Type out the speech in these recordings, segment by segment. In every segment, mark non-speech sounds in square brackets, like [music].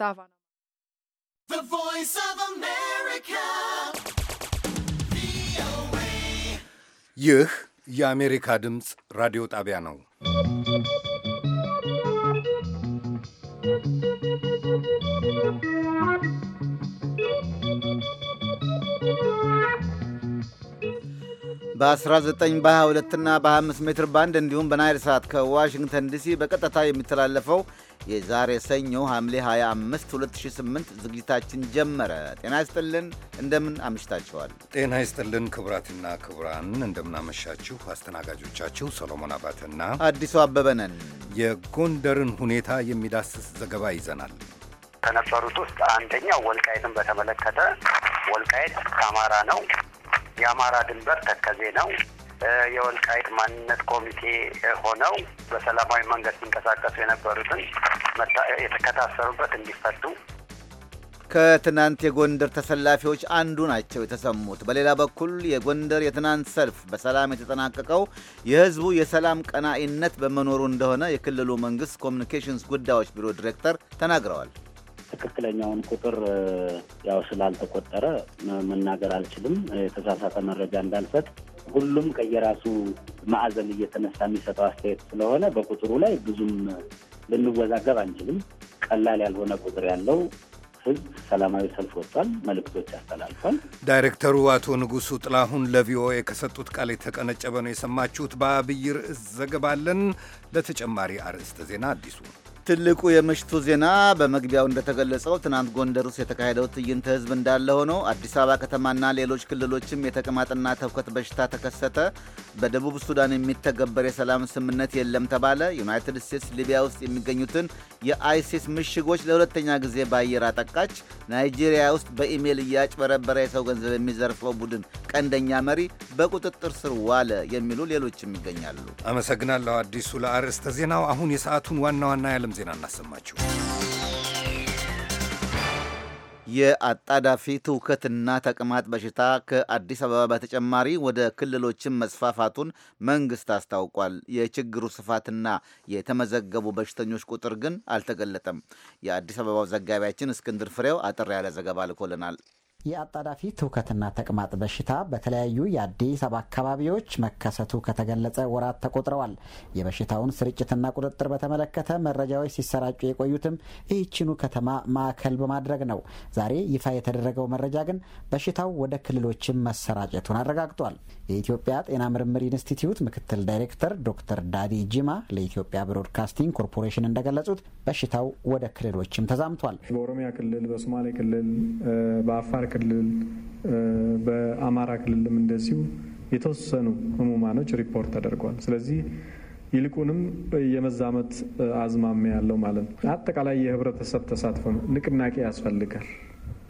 estaba. The Voice of America, ይህ የአሜሪካ ድምፅ ራዲዮ ጣቢያ ነው። በ19 በ22 እና በ25 ሜትር ባንድ እንዲሁም በናይል ሰዓት ከዋሽንግተን ዲሲ በቀጥታ የሚተላለፈው የዛሬ ሰኞ ሐምሌ 25 2008 ዝግጅታችን ጀመረ። ጤና ይስጥልን፣ እንደምን አምሽታችኋል? ጤና ይስጥልን ክቡራትና ክቡራን፣ እንደምናመሻችሁ። አስተናጋጆቻችሁ ሰሎሞን አባተና አዲሱ አበበ ነን። የጎንደርን ሁኔታ የሚዳስስ ዘገባ ይዘናል። ከነበሩት ውስጥ አንደኛው ወልቃይትን በተመለከተ ወልቃይት ከአማራ ነው። የአማራ ድንበር ተከዜ ነው። የወልቃይት ማንነት ኮሚቴ ሆነው በሰላማዊ መንገድ ሲንቀሳቀሱ የነበሩትን የተከታሰሩበት እንዲፈቱ ከትናንት የጎንደር ተሰላፊዎች አንዱ ናቸው የተሰሙት። በሌላ በኩል የጎንደር የትናንት ሰልፍ በሰላም የተጠናቀቀው የህዝቡ የሰላም ቀናኢነት በመኖሩ እንደሆነ የክልሉ መንግስት ኮሚኒኬሽንስ ጉዳዮች ቢሮ ዲሬክተር ተናግረዋል። ትክክለኛውን ቁጥር ያው ስላልተቆጠረ መናገር አልችልም። የተሳሳተ መረጃ እንዳልሰጥ ሁሉም ከየራሱ ማዕዘን እየተነሳ የሚሰጠው አስተያየት ስለሆነ በቁጥሩ ላይ ብዙም ልንወዛገብ አንችልም። ቀላል ያልሆነ ቁጥር ያለው ህዝብ ሰላማዊ ሰልፍ ወጥቷል፣ መልእክቶች አስተላልፏል። ዳይሬክተሩ አቶ ንጉሱ ጥላሁን ለቪኦኤ ከሰጡት ቃል የተቀነጨበ ነው የሰማችሁት። በአብይ ርዕስ ዘገባለን። ለተጨማሪ አርዕስተ ዜና አዲሱ ትልቁ የምሽቱ ዜና በመግቢያው እንደተገለጸው ትናንት ጎንደር ውስጥ የተካሄደው ትዕይንተ ህዝብ እንዳለ ሆኖ አዲስ አበባ ከተማና ሌሎች ክልሎችም የተቅማጥና ተውከት በሽታ ተከሰተ። በደቡብ ሱዳን የሚተገበር የሰላም ስምምነት የለም ተባለ። ዩናይትድ ስቴትስ ሊቢያ ውስጥ የሚገኙትን የአይሲስ ምሽጎች ለሁለተኛ ጊዜ በአየር አጠቃች። ናይጄሪያ ውስጥ በኢሜይል እያጭበረበረ የሰው ገንዘብ የሚዘርፈው ቡድን ቀንደኛ መሪ በቁጥጥር ስር ዋለ። የሚሉ ሌሎችም ይገኛሉ። አመሰግናለሁ አዲሱ ለአርዕስተ ዜናው። አሁን የሰዓቱን ዋና ዋና የዓለም ዜና እናሰማችሁ። የአጣዳፊ ትውከትና ተቅማጥ በሽታ ከአዲስ አበባ በተጨማሪ ወደ ክልሎችን መስፋፋቱን መንግስት አስታውቋል። የችግሩ ስፋትና የተመዘገቡ በሽተኞች ቁጥር ግን አልተገለጠም። የአዲስ አበባው ዘጋቢያችን እስክንድር ፍሬው አጠር ያለ ዘገባ ልኮልናል። የአጣዳፊ ትውከትና ተቅማጥ በሽታ በተለያዩ የአዲስ አበባ አካባቢዎች መከሰቱ ከተገለጸ ወራት ተቆጥረዋል። የበሽታውን ስርጭትና ቁጥጥር በተመለከተ መረጃዎች ሲሰራጩ የቆዩትም ይህችኑ ከተማ ማዕከል በማድረግ ነው። ዛሬ ይፋ የተደረገው መረጃ ግን በሽታው ወደ ክልሎችም መሰራጨቱን አረጋግጧል። የኢትዮጵያ ጤና ምርምር ኢንስቲትዩት ምክትል ዳይሬክተር ዶክተር ዳዲ ጂማ ለኢትዮጵያ ብሮድካስቲንግ ኮርፖሬሽን እንደገለጹት በሽታው ወደ ክልሎችም ተዛምቷል። በኦሮሚያ ክልል፣ በሶማሌ ክልል፣ በአፋር ክልል በአማራ ክልልም እንደዚሁ የተወሰኑ ህሙማኖች ሪፖርት ተደርጓል። ስለዚህ ይልቁንም የመዛመት አዝማሚያ ያለው ማለት ነው። አጠቃላይ የህብረተሰብ ተሳትፎ ንቅናቄ ያስፈልጋል።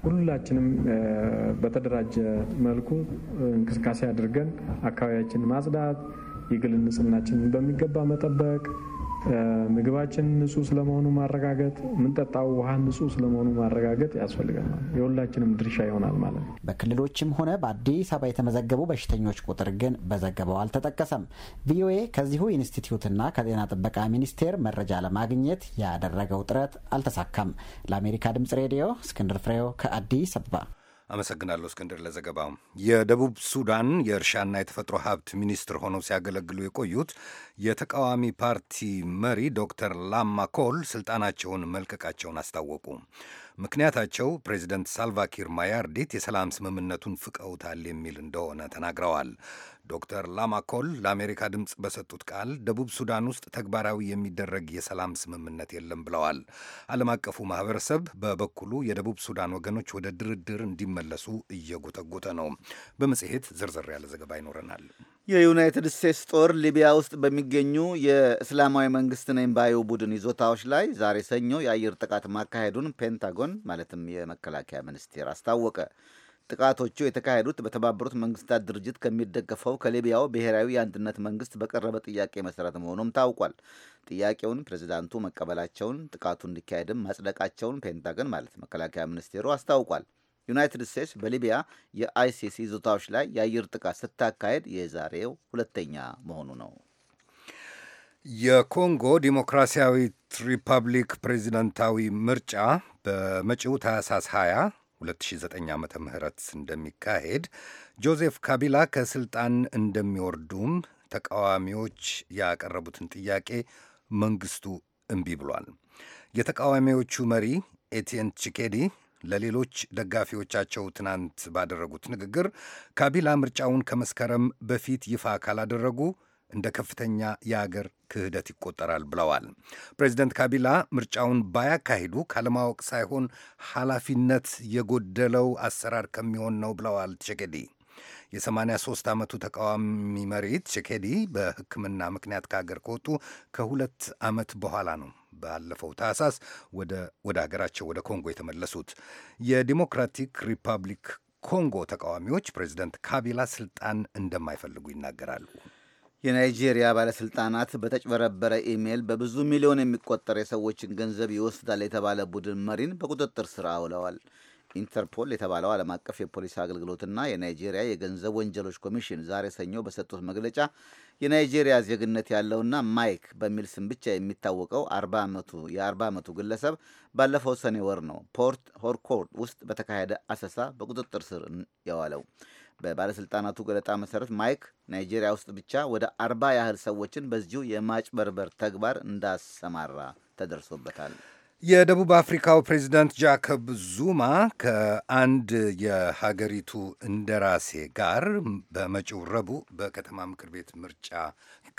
ሁላችንም በተደራጀ መልኩ እንቅስቃሴ አድርገን አካባቢያችን ማጽዳት፣ የግል ንጽህናችንን በሚገባ መጠበቅ ምግባችን ንጹህ ስለመሆኑ ማረጋገጥ፣ የምንጠጣው ውሃ ንጹህ ስለመሆኑ ማረጋገጥ ያስፈልገናል። የሁላችንም ድርሻ ይሆናል ማለት ነው። በክልሎችም ሆነ በአዲስ አበባ የተመዘገቡ በሽተኞች ቁጥር ግን በዘገባው አልተጠቀሰም። ቪኦኤ ከዚሁ ኢንስቲትዩትና ከጤና ጥበቃ ሚኒስቴር መረጃ ለማግኘት ያደረገው ጥረት አልተሳካም። ለአሜሪካ ድምጽ ሬዲዮ እስክንድር ፍሬው ከአዲስ አበባ አመሰግናለሁ እስክንድር ለዘገባው። የደቡብ ሱዳን የእርሻና የተፈጥሮ ሀብት ሚኒስትር ሆነው ሲያገለግሉ የቆዩት የተቃዋሚ ፓርቲ መሪ ዶክተር ላማ ኮል ስልጣናቸውን መልቀቃቸውን አስታወቁ። ምክንያታቸው ፕሬዚደንት ሳልቫኪር ማያርዲት የሰላም ስምምነቱን ፍቀውታል የሚል እንደሆነ ተናግረዋል። ዶክተር ላማኮል ለአሜሪካ ድምፅ በሰጡት ቃል ደቡብ ሱዳን ውስጥ ተግባራዊ የሚደረግ የሰላም ስምምነት የለም ብለዋል። ዓለም አቀፉ ማህበረሰብ በበኩሉ የደቡብ ሱዳን ወገኖች ወደ ድርድር እንዲመለሱ እየጎተጎተ ነው። በመጽሔት ዝርዝር ያለ ዘገባ ይኖረናል። የዩናይትድ ስቴትስ ጦር ሊቢያ ውስጥ በሚገኙ የእስላማዊ መንግስት ነኝ ባዩ ቡድን ይዞታዎች ላይ ዛሬ ሰኞ የአየር ጥቃት ማካሄዱን ፔንታጎን ማለትም የመከላከያ ሚኒስቴር አስታወቀ። ጥቃቶቹ የተካሄዱት በተባበሩት መንግስታት ድርጅት ከሚደገፈው ከሊቢያው ብሔራዊ የአንድነት መንግስት በቀረበ ጥያቄ መሰረት መሆኑም ታውቋል። ጥያቄውን ፕሬዚዳንቱ መቀበላቸውን፣ ጥቃቱ እንዲካሄድም ማጽደቃቸውን ፔንታገን ማለት መከላከያ ሚኒስቴሩ አስታውቋል። ዩናይትድ ስቴትስ በሊቢያ የአይሲሲ ይዞታዎች ላይ የአየር ጥቃት ስታካሄድ የዛሬው ሁለተኛ መሆኑ ነው። የኮንጎ ዲሞክራሲያዊት ሪፐብሊክ ፕሬዚደንታዊ ምርጫ በመጪው ታህሳስ 20 2009 ዓመተ ምህረት እንደሚካሄድ ጆዜፍ ካቢላ ከስልጣን እንደሚወርዱም ተቃዋሚዎች ያቀረቡትን ጥያቄ መንግስቱ እምቢ ብሏል። የተቃዋሚዎቹ መሪ ኤቲየን ቺኬዲ ለሌሎች ደጋፊዎቻቸው ትናንት ባደረጉት ንግግር ካቢላ ምርጫውን ከመስከረም በፊት ይፋ ካላደረጉ እንደ ከፍተኛ የአገር ክህደት ይቆጠራል ብለዋል። ፕሬዚደንት ካቢላ ምርጫውን ባያካሂዱ ካለማወቅ ሳይሆን ኃላፊነት የጎደለው አሰራር ከሚሆን ነው ብለዋል ቼኬዲ። የ83 ዓመቱ ተቃዋሚ መሪ ቼኬዲ በሕክምና ምክንያት ከአገር ከወጡ ከሁለት ዓመት በኋላ ነው ባለፈው ታህሳስ ወደ ሀገራቸው ወደ ኮንጎ የተመለሱት የዲሞክራቲክ ሪፐብሊክ ኮንጎ ተቃዋሚዎች ፕሬዚደንት ካቢላ ስልጣን እንደማይፈልጉ ይናገራሉ። የናይጄሪያ ባለሥልጣናት በተጭበረበረ ኢሜይል በብዙ ሚሊዮን የሚቆጠር የሰዎችን ገንዘብ ይወስዳል የተባለ ቡድን መሪን በቁጥጥር ስር አውለዋል። ኢንተርፖል የተባለው ዓለም አቀፍ የፖሊስ አገልግሎትና የናይጄሪያ የገንዘብ ወንጀሎች ኮሚሽን ዛሬ ሰኞ በሰጡት መግለጫ የናይጄሪያ ዜግነት ያለውና ማይክ በሚል ስም ብቻ የሚታወቀው የ40 ዓመቱ ግለሰብ ባለፈው ሰኔ ወር ነው ፖርት ሆርኮርድ ውስጥ በተካሄደ አሰሳ በቁጥጥር ስር የዋለው። በባለሥልጣናቱ ገለጣ መሠረት ማይክ ናይጄሪያ ውስጥ ብቻ ወደ አርባ ያህል ሰዎችን በዚሁ የማጭበርበር ተግባር እንዳሰማራ ተደርሶበታል። የደቡብ አፍሪካው ፕሬዚዳንት ጃከብ ዙማ ከአንድ የሀገሪቱ እንደራሴ ጋር በመጪው ረቡዕ በከተማ ምክር ቤት ምርጫ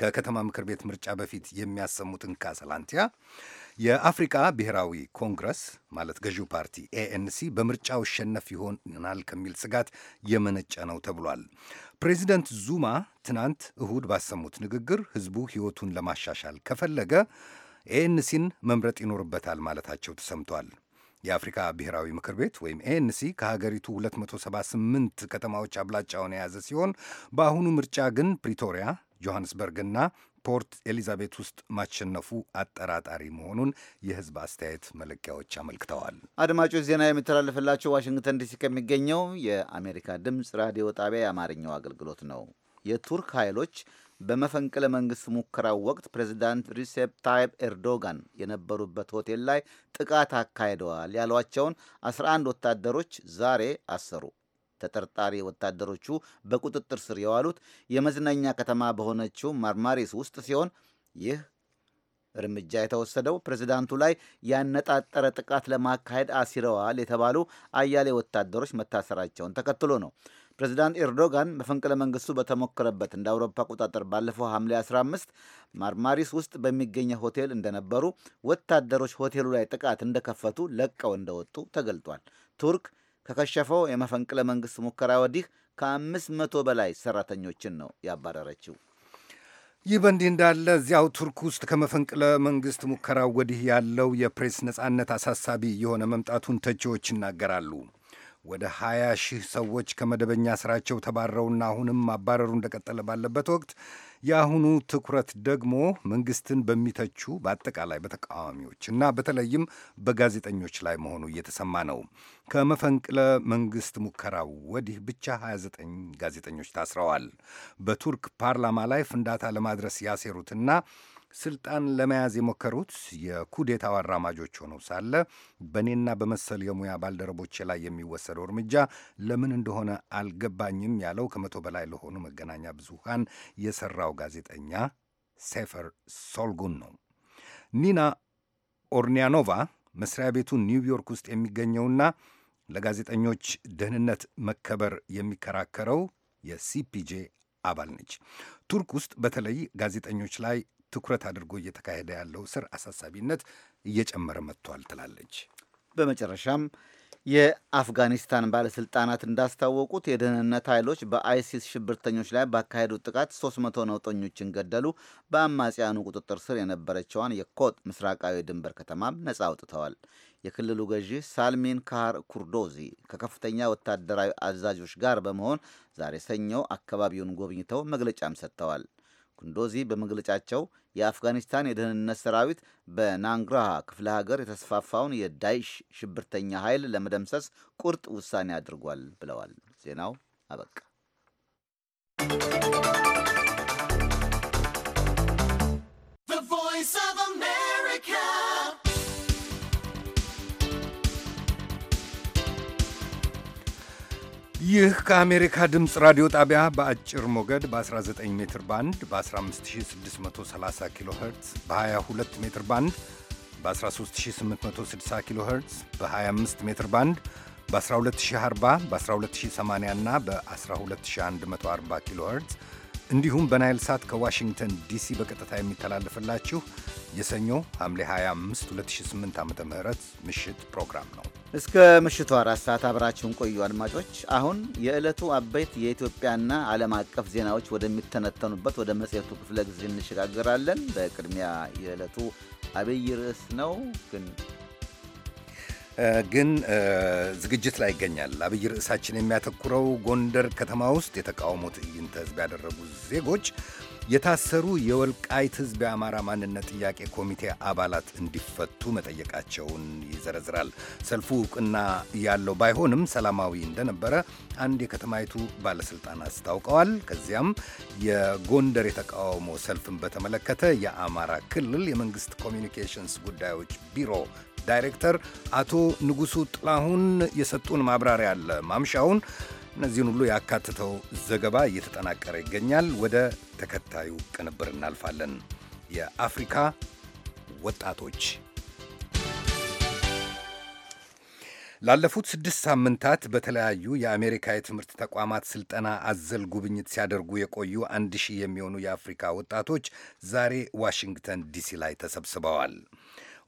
ከከተማ ምክር ቤት ምርጫ በፊት የሚያሰሙትን ካሰላንቲያ የአፍሪካ ብሔራዊ ኮንግረስ ማለት ገዢው ፓርቲ ኤኤንሲ በምርጫው ሸነፍ ይሆናል ከሚል ስጋት የመነጨ ነው ተብሏል። ፕሬዚደንት ዙማ ትናንት እሁድ ባሰሙት ንግግር ሕዝቡ ሕይወቱን ለማሻሻል ከፈለገ ኤኤንሲን መምረጥ ይኖርበታል ማለታቸው ተሰምቷል። የአፍሪካ ብሔራዊ ምክር ቤት ወይም ኤንሲ ከሀገሪቱ 278 ከተማዎች አብላጫውን የያዘ ሲሆን በአሁኑ ምርጫ ግን ፕሪቶሪያ፣ ጆሐንስበርግና ፖርት ኤሊዛቤት ውስጥ ማሸነፉ አጠራጣሪ መሆኑን የሕዝብ አስተያየት መለኪያዎች አመልክተዋል። አድማጮች፣ ዜና የሚተላለፍላቸው ዋሽንግተን ዲሲ ከሚገኘው የአሜሪካ ድምፅ ራዲዮ ጣቢያ የአማርኛው አገልግሎት ነው። የቱርክ ኃይሎች በመፈንቅለ መንግስት ሙከራው ወቅት ፕሬዚዳንት ሪሴፕ ታይፕ ኤርዶጋን የነበሩበት ሆቴል ላይ ጥቃት አካሂደዋል ያሏቸውን 11 ወታደሮች ዛሬ አሰሩ። ተጠርጣሪ ወታደሮቹ በቁጥጥር ስር የዋሉት የመዝናኛ ከተማ በሆነችው ማርማሪስ ውስጥ ሲሆን ይህ እርምጃ የተወሰደው ፕሬዚዳንቱ ላይ ያነጣጠረ ጥቃት ለማካሄድ አሲረዋል የተባሉ አያሌ ወታደሮች መታሰራቸውን ተከትሎ ነው። ፕሬዚዳንት ኤርዶጋን መፈንቅለ መንግስቱ በተሞከረበት እንደ አውሮፓ አቆጣጠር ባለፈው ሐምሌ 15 ማርማሪስ ውስጥ በሚገኘ ሆቴል እንደነበሩ፣ ወታደሮች ሆቴሉ ላይ ጥቃት እንደከፈቱ ለቀው እንደወጡ ተገልጧል። ቱርክ ከከሸፈው የመፈንቅለ መንግስት ሙከራ ወዲህ ከ500 በላይ ሰራተኞችን ነው ያባረረችው። ይህ በእንዲህ እንዳለ እዚያው ቱርክ ውስጥ ከመፈንቅለ መንግስት ሙከራው ወዲህ ያለው የፕሬስ ነጻነት አሳሳቢ የሆነ መምጣቱን ተቺዎች ይናገራሉ። ወደ 20 ሺህ ሰዎች ከመደበኛ ስራቸው ተባረውና አሁንም ማባረሩ እንደቀጠለ ባለበት ወቅት የአሁኑ ትኩረት ደግሞ መንግስትን በሚተቹ በአጠቃላይ በተቃዋሚዎች እና በተለይም በጋዜጠኞች ላይ መሆኑ እየተሰማ ነው። ከመፈንቅለ መንግስት ሙከራው ወዲህ ብቻ 29 ጋዜጠኞች ታስረዋል። በቱርክ ፓርላማ ላይ ፍንዳታ ለማድረስ ያሴሩትና ስልጣን ለመያዝ የሞከሩት የኩዴታው አራማጆች ሆነው ሳለ በእኔና በመሰል የሙያ ባልደረቦቼ ላይ የሚወሰደው እርምጃ ለምን እንደሆነ አልገባኝም ያለው ከመቶ በላይ ለሆኑ መገናኛ ብዙሃን የሰራው ጋዜጠኛ ሴፈር ሶልጉን ነው። ኒና ኦርኒያኖቫ መስሪያ ቤቱ ኒውዮርክ ውስጥ የሚገኘውና ለጋዜጠኞች ደህንነት መከበር የሚከራከረው የሲፒጄ አባል ነች። ቱርክ ውስጥ በተለይ ጋዜጠኞች ላይ ትኩረት አድርጎ እየተካሄደ ያለው ስር አሳሳቢነት እየጨመረ መጥቷል ትላለች። በመጨረሻም የአፍጋኒስታን ባለስልጣናት እንዳስታወቁት የደህንነት ኃይሎች በአይሲስ ሽብርተኞች ላይ ባካሄዱት ጥቃት 300 ነውጠኞችን ገደሉ። በአማጽያኑ ቁጥጥር ስር የነበረችዋን የኮጥ ምስራቃዊ ድንበር ከተማም ነጻ አውጥተዋል። የክልሉ ገዢ ሳልሚን ካር ኩርዶዚ ከከፍተኛ ወታደራዊ አዛዦች ጋር በመሆን ዛሬ ሰኞ አካባቢውን ጎብኝተው መግለጫም ሰጥተዋል። ኩንዶዚ በመግለጫቸው የአፍጋኒስታን የደህንነት ሰራዊት በናንግራሃ ክፍለ ሀገር የተስፋፋውን የዳይሽ ሽብርተኛ ኃይል ለመደምሰስ ቁርጥ ውሳኔ አድርጓል ብለዋል። ዜናው አበቃ። ይህ ከአሜሪካ ድምፅ ራዲዮ ጣቢያ በአጭር ሞገድ በ19 ሜትር ባንድ በ15630 ኪሎ ኸርትዝ በ22 ሜትር ባንድ በ13860 ኪሎ ኸርትዝ በ25 ሜትር ባንድ በ12040 በ12080 እና በ12140 ኪሎ ኸርትዝ እንዲሁም በናይል ሳት ከዋሽንግተን ዲሲ በቀጥታ የሚተላለፍላችሁ የሰኞ ሐምሌ 25 2008 ዓ ም ምሽት ፕሮግራም ነው። እስከ ምሽቱ አራት ሰዓት አብራችሁን ቆዩ አድማጮች። አሁን የዕለቱ አበይት የኢትዮጵያና ዓለም አቀፍ ዜናዎች ወደሚተነተኑበት ወደ መጽሔቱ ክፍለ ጊዜ እንሸጋግራለን። በቅድሚያ የዕለቱ አብይ ርዕስ ነው ግን ግን ዝግጅት ላይ ይገኛል። አብይ ርዕሳችን የሚያተኩረው ጎንደር ከተማ ውስጥ የተቃውሞ ትዕይንተ ህዝብ ያደረጉ ዜጎች የታሰሩ የወልቃይት ህዝብ የአማራ ማንነት ጥያቄ ኮሚቴ አባላት እንዲፈቱ መጠየቃቸውን ይዘረዝራል። ሰልፉ እውቅና ያለው ባይሆንም ሰላማዊ እንደነበረ አንድ የከተማይቱ ባለሥልጣን አስታውቀዋል። ከዚያም የጎንደር የተቃውሞ ሰልፍን በተመለከተ የአማራ ክልል የመንግስት ኮሚኒኬሽንስ ጉዳዮች ቢሮ ዳይሬክተር አቶ ንጉሱ ጥላሁን የሰጡን ማብራሪያ አለ። ማምሻውን እነዚህን ሁሉ ያካትተው ዘገባ እየተጠናቀረ ይገኛል። ወደ ተከታዩ ቅንብር እናልፋለን። የአፍሪካ ወጣቶች ላለፉት ስድስት ሳምንታት በተለያዩ የአሜሪካ የትምህርት ተቋማት ስልጠና አዘል ጉብኝት ሲያደርጉ የቆዩ አንድ ሺህ የሚሆኑ የአፍሪካ ወጣቶች ዛሬ ዋሽንግተን ዲሲ ላይ ተሰብስበዋል።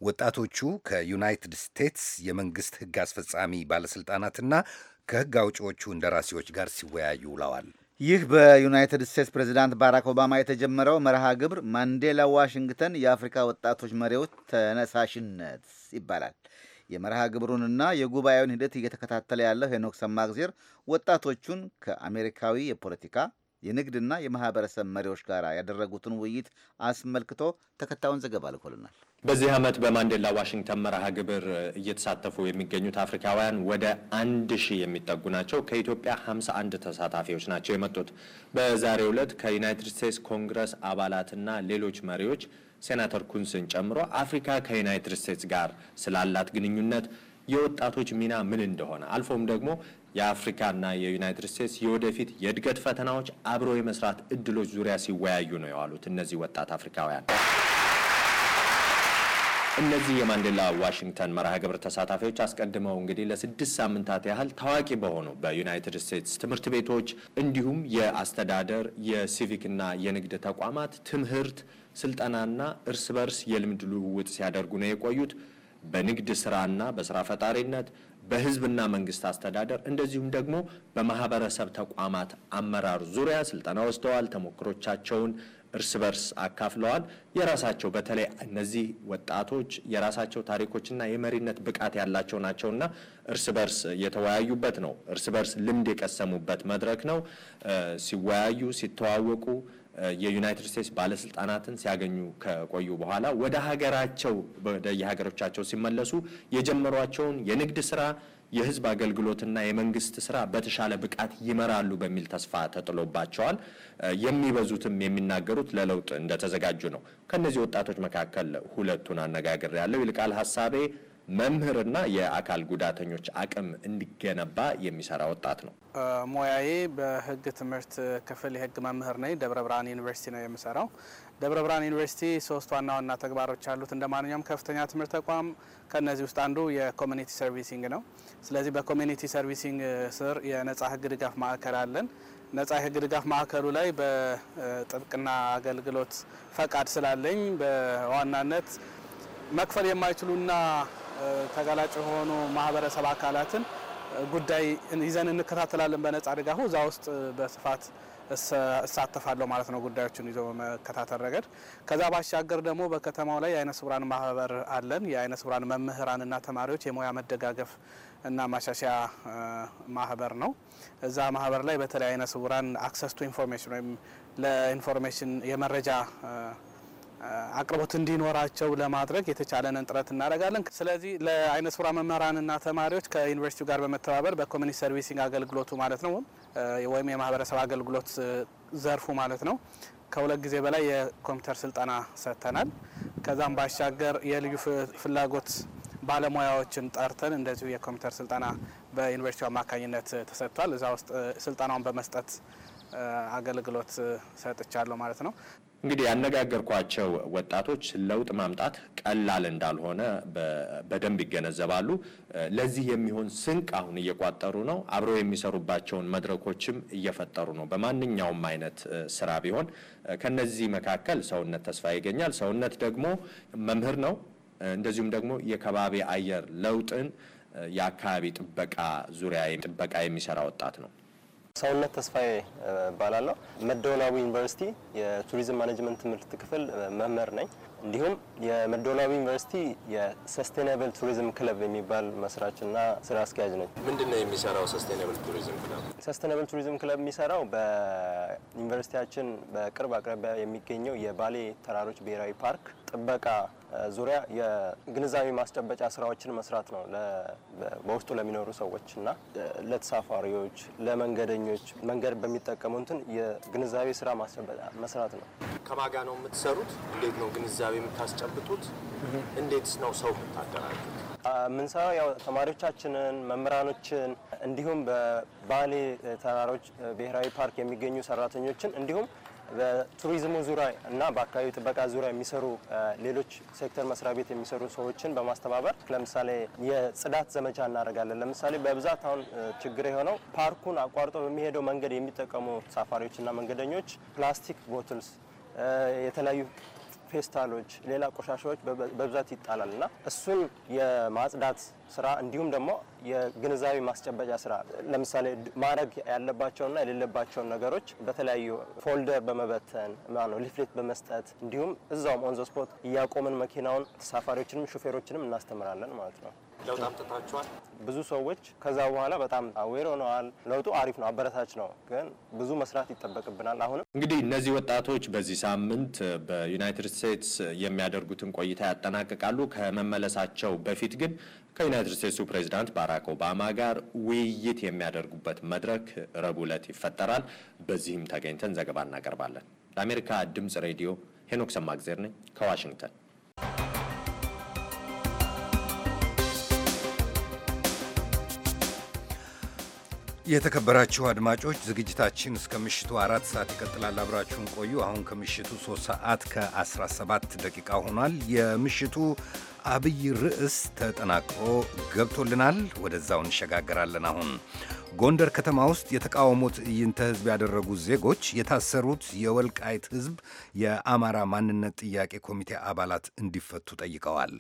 ወጣቶቹ ከዩናይትድ ስቴትስ የመንግስት ህግ አስፈጻሚ ባለሥልጣናትና ከህግ አውጪዎቹ እንደራሴዎች ጋር ሲወያዩ ውለዋል። ይህ በዩናይትድ ስቴትስ ፕሬዚዳንት ባራክ ኦባማ የተጀመረው መርሃ ግብር ማንዴላ ዋሽንግተን የአፍሪካ ወጣቶች መሪዎች ተነሳሽነት ይባላል። የመርሃ ግብሩንና የጉባኤውን ሂደት እየተከታተለ ያለው ሄኖክ ሰማግዜር ወጣቶቹን ከአሜሪካዊ የፖለቲካ የንግድና የማህበረሰብ መሪዎች ጋር ያደረጉትን ውይይት አስመልክቶ ተከታዩን ዘገባ ልኮልናል። በዚህ ዓመት በማንዴላ ዋሽንግተን መርሃ ግብር እየተሳተፉ የሚገኙት አፍሪካውያን ወደ አንድ ሺህ የሚጠጉ ናቸው። ከኢትዮጵያ 51 ተሳታፊዎች ናቸው የመጡት። በዛሬው ዕለት ከዩናይትድ ስቴትስ ኮንግረስ አባላትና ሌሎች መሪዎች ሴናተር ኩንስን ጨምሮ አፍሪካ ከዩናይትድ ስቴትስ ጋር ስላላት ግንኙነት፣ የወጣቶች ሚና ምን እንደሆነ አልፎም ደግሞ የአፍሪካና የዩናይትድ ስቴትስ የወደፊት የእድገት ፈተናዎች፣ አብሮ የመስራት እድሎች ዙሪያ ሲወያዩ ነው የዋሉት እነዚህ ወጣት አፍሪካውያን። እነዚህ የማንዴላ ዋሽንግተን መርሃ ግብር ተሳታፊዎች አስቀድመው እንግዲህ ለስድስት ሳምንታት ያህል ታዋቂ በሆኑ በዩናይትድ ስቴትስ ትምህርት ቤቶች እንዲሁም የአስተዳደር የሲቪክና የንግድ ተቋማት ትምህርት ስልጠናና እርስ በርስ የልምድ ልውውጥ ሲያደርጉ ነው የቆዩት። በንግድ ስራና በስራ ፈጣሪነት በህዝብና መንግስት አስተዳደር እንደዚሁም ደግሞ በማህበረሰብ ተቋማት አመራር ዙሪያ ስልጠና ወስደዋል። ተሞክሮቻቸውን እርስ በርስ አካፍለዋል። የራሳቸው በተለይ እነዚህ ወጣቶች የራሳቸው ታሪኮችና የመሪነት ብቃት ያላቸው ናቸውና እርስ በርስ የተወያዩበት ነው። እርስ በርስ ልምድ የቀሰሙበት መድረክ ነው። ሲወያዩ ሲተዋወቁ የዩናይትድ ስቴትስ ባለስልጣናትን ሲያገኙ ከቆዩ በኋላ ወደ ሀገራቸው ወደ የሀገሮቻቸው ሲመለሱ የጀመሯቸውን የንግድ ስራ የህዝብ አገልግሎትና የመንግስት ስራ በተሻለ ብቃት ይመራሉ በሚል ተስፋ ተጥሎባቸዋል። የሚበዙትም የሚናገሩት ለለውጥ እንደተዘጋጁ ነው። ከነዚህ ወጣቶች መካከል ሁለቱን አነጋግር ያለው ይልቃል ሀሳቤ መምህርና የአካል ጉዳተኞች አቅም እንዲገነባ የሚሰራ ወጣት ነው። ሙያዬ በህግ ትምህርት ክፍል የህግ መምህር ነኝ። ደብረ ብርሃን ዩኒቨርሲቲ ነው የምሰራው። ደብረ ብርሃን ዩኒቨርሲቲ ሶስት ዋና ዋና ተግባሮች አሉት። እንደ ማንኛውም ከፍተኛ ትምህርት ተቋም ከእነዚህ ውስጥ አንዱ የኮሚኒቲ ሰርቪሲንግ ነው። ስለዚህ በኮሚኒቲ ሰርቪሲንግ ስር የነጻ ህግ ድጋፍ ማዕከል አለን። ነጻ ህግ ድጋፍ ማዕከሉ ላይ በጥብቅና አገልግሎት ፈቃድ ስላለኝ በዋናነት መክፈል የማይችሉና ተጋላጭ የሆኑ ማህበረሰብ አካላትን ጉዳይ ይዘን እንከታተላለን። በነጻ ድጋፉ እዛ ውስጥ በስፋት እሳተፋለሁ ማለት ነው ጉዳዮችን ይዞ በመከታተል ረገድ። ከዛ ባሻገር ደግሞ በከተማው ላይ የአይነ ስውራን ማህበር አለን። የአይነ ስውራን መምህራንና ተማሪዎች የሙያ መደጋገፍ እና ማሻሻያ ማህበር ነው። እዛ ማህበር ላይ በተለይ አይነ ስውራን አክሰስ ቱ ኢንፎርሜሽን ወይም ለኢንፎርሜሽን የመረጃ አቅርቦት እንዲኖራቸው ለማድረግ የተቻለንን ጥረት እናደርጋለን። ስለዚህ ለአይነ ስውራ መምህራንና ተማሪዎች ከዩኒቨርሲቲው ጋር በመተባበር በኮሚኒቲ ሰርቪሲንግ አገልግሎቱ ማለት ነው ወይም የማህበረሰብ አገልግሎት ዘርፉ ማለት ነው ከሁለት ጊዜ በላይ የኮምፒውተር ስልጠና ሰጥተናል። ከዛም ባሻገር የልዩ ፍላጎት ባለሙያዎችን ጠርተን እንደዚሁ የኮምፒውተር ስልጠና በዩኒቨርሲቲው አማካኝነት ተሰጥቷል። እዛ ውስጥ ስልጠናውን በመስጠት አገልግሎት ሰጥቻለሁ ማለት ነው። እንግዲህ ያነጋገርኳቸው ወጣቶች ለውጥ ማምጣት ቀላል እንዳልሆነ በደንብ ይገነዘባሉ። ለዚህ የሚሆን ስንቅ አሁን እየቋጠሩ ነው። አብረው የሚሰሩባቸውን መድረኮችም እየፈጠሩ ነው። በማንኛውም አይነት ስራ ቢሆን ከነዚህ መካከል ሰውነት ተስፋ ይገኛል። ሰውነት ደግሞ መምህር ነው። እንደዚሁም ደግሞ የከባቢ አየር ለውጥን የአካባቢ ጥበቃ ዙሪያ ጥበቃ የሚሰራ ወጣት ነው። ሰውነት ተስፋዬ እባላለሁ። መደወላቡ ዩኒቨርሲቲ የቱሪዝም ማኔጅመንት ትምህርት ክፍል መምህር ነኝ። እንዲሁም የመደወላቡ ዩኒቨርሲቲ የሰስቴናብል ቱሪዝም ክለብ የሚባል መስራችና ስራ አስኪያጅ ነኝ። ምንድን ነው የሚሰራው ሰስቴናብል ቱሪዝም ክለብ? ሰስቴናብል ቱሪዝም ክለብ የሚሰራው በዩኒቨርሲቲያችን በቅርብ አቅራቢያ የሚገኘው የባሌ ተራሮች ብሔራዊ ፓርክ ጥበቃ ዙሪያ የግንዛቤ ማስጨበጫ ስራዎችን መስራት ነው። በውስጡ ለሚኖሩ ሰዎች እና ለተሳፋሪዎች፣ ለመንገደኞች መንገድ በሚጠቀሙትን የግንዛቤ ስራ ማስጨበጫ መስራት ነው። ከማጋ ነው የምትሰሩት? እንዴት ነው ግንዛቤ የምታስጨብጡት? እንዴትስ ነው ሰው የምታደራጁት? የምንሰራው ያው ተማሪዎቻችንን፣ መምህራኖችን እንዲሁም በባሌ ተራሮች ብሔራዊ ፓርክ የሚገኙ ሰራተኞችን እንዲሁም በቱሪዝሙ ዙሪያ እና በአካባቢ ጥበቃ ዙሪያ የሚሰሩ ሌሎች ሴክተር መስሪያ ቤት የሚሰሩ ሰዎችን በማስተባበር ለምሳሌ የጽዳት ዘመቻ እናደርጋለን። ለምሳሌ በብዛት አሁን ችግር የሆነው ፓርኩን አቋርጦ በሚሄደው መንገድ የሚጠቀሙ ሳፋሪዎችና መንገደኞች ፕላስቲክ ቦትልስ የተለያዩ ፌስታሎች፣ ሌላ ቆሻሻዎች በብዛት ይጣላል እና እሱን የማጽዳት ስራ እንዲሁም ደግሞ የግንዛቤ ማስጨበጫ ስራ ለምሳሌ ማድረግ ያለባቸውና የሌለባቸውን ነገሮች በተለያዩ ፎልደር በመበተን ነው ሊፍሌት በመስጠት እንዲሁም እዛውም ኦንዘ ስፖት እያቆምን መኪናውን ተሳፋሪዎችንም ሹፌሮችንም እናስተምራለን ማለት ነው። ለውጥ አምጥታችኋል። ብዙ ሰዎች ከዛ በኋላ በጣም አዌር ሆነዋል። ለውጡ አሪፍ ነው፣ አበረታች ነው፣ ግን ብዙ መስራት ይጠበቅብናል። አሁንም እንግዲህ እነዚህ ወጣቶች በዚህ ሳምንት በዩናይትድ ስቴትስ የሚያደርጉትን ቆይታ ያጠናቅቃሉ። ከመመለሳቸው በፊት ግን ከዩናይትድ ስቴትሱ ፕሬዚዳንት ባራክ ኦባማ ጋር ውይይት የሚያደርጉበት መድረክ ረቡዕ ዕለት ይፈጠራል። በዚህም ተገኝተን ዘገባ እናቀርባለን። ለአሜሪካ ድምጽ ሬዲዮ ሄኖክ ሰማግዜር ነኝ ከዋሽንግተን የተከበራችሁ አድማጮች ዝግጅታችን እስከ ምሽቱ አራት ሰዓት ይቀጥላል። አብራችሁን ቆዩ። አሁን ከምሽቱ ሶስት ሰዓት ከ17 ደቂቃ ሆኗል። የምሽቱ አብይ ርዕስ ተጠናቅሮ ገብቶልናል። ወደዛው እንሸጋገራለን አሁን ጎንደር ከተማ ውስጥ የተቃውሞ ትዕይንተ ህዝብ ያደረጉ ዜጎች የታሰሩት የወልቃይት ህዝብ የአማራ ማንነት ጥያቄ ኮሚቴ አባላት እንዲፈቱ ጠይቀዋል።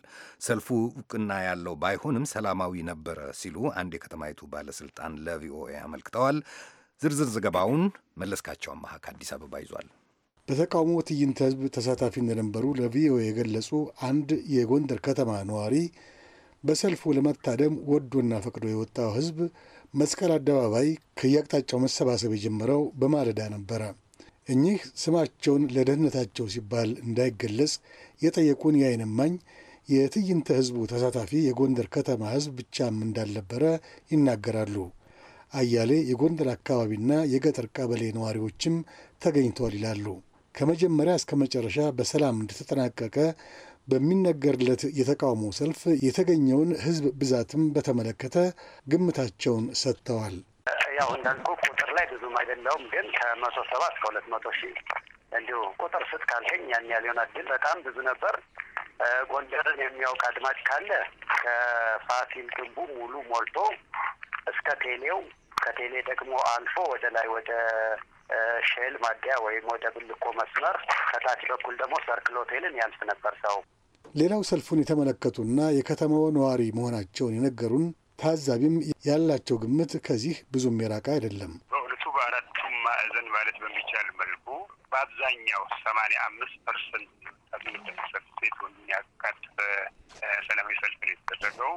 ሰልፉ እውቅና ያለው ባይሆንም ሰላማዊ ነበረ ሲሉ አንድ የከተማይቱ ባለስልጣን ለቪኦኤ አመልክተዋል። ዝርዝር ዘገባውን መለስካቸው አመሃ ከአዲስ አበባ ይዟል። በተቃውሞ ትዕይንተ ህዝብ ተሳታፊ እንደነበሩ ለቪኦኤ የገለጹ አንድ የጎንደር ከተማ ነዋሪ በሰልፉ ለመታደም ወዶና ፈቅዶ የወጣው ህዝብ መስቀል አደባባይ ከየአቅጣጫው መሰባሰብ የጀመረው በማለዳ ነበረ። እኚህ ስማቸውን ለደህንነታቸው ሲባል እንዳይገለጽ የጠየቁን የዓይን እማኝ የትዕይንተ ህዝቡ ተሳታፊ የጎንደር ከተማ ህዝብ ብቻም እንዳልነበረ ይናገራሉ። አያሌ የጎንደር አካባቢና የገጠር ቀበሌ ነዋሪዎችም ተገኝተዋል ይላሉ። ከመጀመሪያ እስከ መጨረሻ በሰላም እንደተጠናቀቀ በሚነገርለት የተቃውሞ ሰልፍ የተገኘውን ህዝብ ብዛትም በተመለከተ ግምታቸውን ሰጥተዋል። ያው እንዳልኩ ቁጥር ላይ ብዙም አይደለውም፣ ግን ከመቶ ሰባ እስከ ሁለት መቶ ሺህ እንዲሁ ቁጥር ስት ካልከኝ ያን ያህል ይሆናል። ግን በጣም ብዙ ነበር። ጎንደርን የሚያውቅ አድማጭ ካለ ከፋሲል ግንቡ ሙሉ ሞልቶ እስከ ቴሌው ከቴሌ ደግሞ አልፎ ወደ ላይ ወደ ሼል ማደያ ወይም ወደ ብልኮ መስመር ከታች በኩል ደግሞ ሰርክል ሆቴልን ያልፍ ነበር ሰው። ሌላው ሰልፉን የተመለከቱና የከተማው ነዋሪ መሆናቸውን የነገሩን ታዛቢም ያላቸው ግምት ከዚህ ብዙም የራቀ አይደለም። በእውነቱ በአራቱም ማዕዘን ማለት በሚቻል መልኩ በአብዛኛው ሰማንያ አምስት ፐርሰንት ከሚደሰት ያካተተ ሰላማዊ ሰልፍ ነው የተደረገው።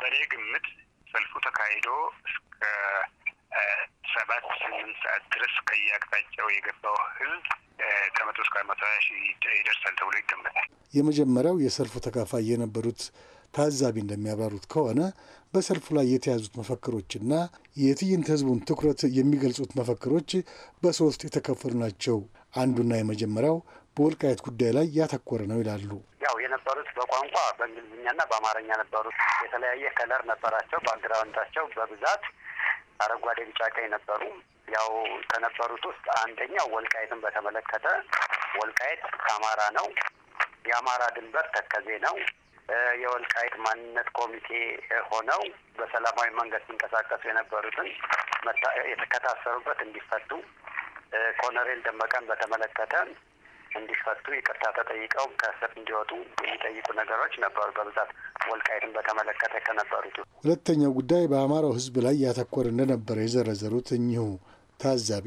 በእኔ ግምት ሰልፉ ተካሂዶ እስከ ሰባት ስምንት ሰዓት ድረስ ከየአቅጣጫው የገባው ህዝብ ከመቶ እስከ መቶ ሀያ ሺህ ይደርሳል ተብሎ ይገመታል። የመጀመሪያው የሰልፉ ተካፋይ የነበሩት ታዛቢ እንደሚያብራሩት ከሆነ በሰልፉ ላይ የተያዙት መፈክሮችና የትዕይንተ ህዝቡን ትኩረት የሚገልጹት መፈክሮች በሶስት የተከፈሉ ናቸው። አንዱና የመጀመሪያው በወልቃየት ጉዳይ ላይ ያተኮረ ነው ይላሉ። ያው የነበሩት በቋንቋ በእንግሊዝኛና በአማርኛ ነበሩት። የተለያየ ከለር ነበራቸው። ባክግራውንዳቸው በብዛት አረንጓዴ፣ ቢጫ፣ ቀይ ነበሩ። ያው ከነበሩት ውስጥ አንደኛው ወልቃየትን በተመለከተ ወልቃየት ከአማራ ነው። የአማራ ድንበር ተከዜ ነው። የወልቃይት ማንነት ኮሚቴ ሆነው በሰላማዊ መንገድ ሲንቀሳቀሱ የነበሩትን የተከታሰሩበት እንዲፈቱ ኮሎኔል ደመቀን በተመለከተ እንዲፈቱ ይቅርታ ተጠይቀው ከእስር እንዲወጡ የሚጠይቁ ነገሮች ነበሩ። በብዛት ወልቃይትን በተመለከተ ከነበሩት ሁለተኛው ጉዳይ በአማራው ሕዝብ ላይ ያተኮረ እንደነበረ የዘረዘሩት እኚሁ ታዛቢ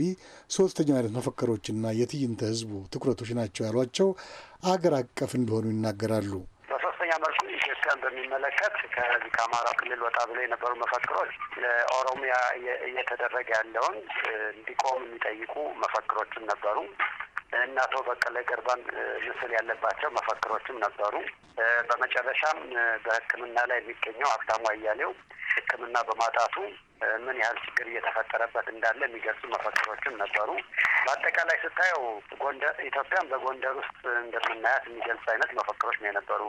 ሶስተኛው አይነት መፈክሮችና የትዕይንተ ህዝቡ ትኩረቶች ናቸው ያሏቸው አገር አቀፍ እንደሆኑ ይናገራሉ። በሶስተኛ መልኩ ኢትዮጵያን በሚመለከት ከዚህ ከአማራው ክልል ወጣ ብሎ የነበሩ መፈክሮች ለኦሮሚያ እየተደረገ ያለውን እንዲቆም የሚጠይቁ መፈክሮችም ነበሩ። እና አቶ በቀለ ገርባን ምስል ያለባቸው መፈክሮችም ነበሩ። በመጨረሻም በሕክምና ላይ የሚገኘው ሀብታሙ አያሌው ሕክምና በማጣቱ ምን ያህል ችግር እየተፈጠረበት እንዳለ የሚገልጹ መፈክሮችም ነበሩ። በአጠቃላይ ስታየው ጎንደር ኢትዮጵያን በጎንደር ውስጥ እንደምናያት የሚገልጽ አይነት መፈክሮች ነው የነበሩ።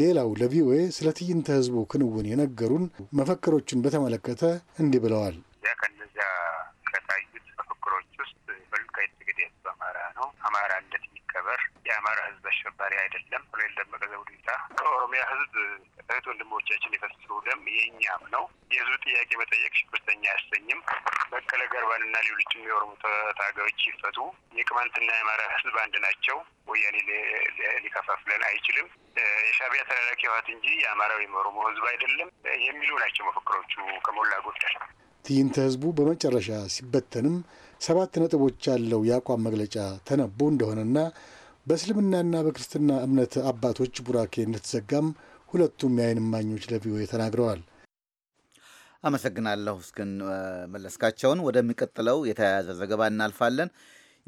ሌላው ለቪኦኤ ስለ ትዕይንተ ህዝቡ ክንውን የነገሩን መፈክሮችን በተመለከተ እንዲህ ብለዋል። ከነዚያ አማራነት የሚከበር የአማራ ህዝብ አሸባሪ አይደለም። ኮሎኔል ደመቀ ዘውዱ ከኦሮሚያ ህዝብ እህት ወንድሞቻችን የፈሰሰው ደም የእኛም ነው። የህዝብ ጥያቄ መጠየቅ ሽብርተኛ አያሰኝም። በቀለ ገርባንና ሌሎችም የኦሮሞ ታጋዮች ይፈቱ። የቅማንትና የአማራ ህዝብ አንድ ናቸው። ወያኔ ሊከፋፍለን አይችልም። የሻቢያ ተላላኪ ህወሓት እንጂ የአማራዊ ኦሮሞ ህዝብ አይደለም የሚሉ ናቸው መፈክሮቹ ከሞላ ጎደል። ትዕይንተ ህዝቡ በመጨረሻ ሲበተንም ሰባት ነጥቦች ያለው የአቋም መግለጫ ተነቦ እንደሆነና በእስልምናና በክርስትና እምነት አባቶች ቡራኬ እንደተዘጋም ሁለቱም የአይን እማኞች ለቪኦኤ ተናግረዋል። አመሰግናለሁ እስክን መለስካቸውን። ወደሚቀጥለው የተያያዘ ዘገባ እናልፋለን።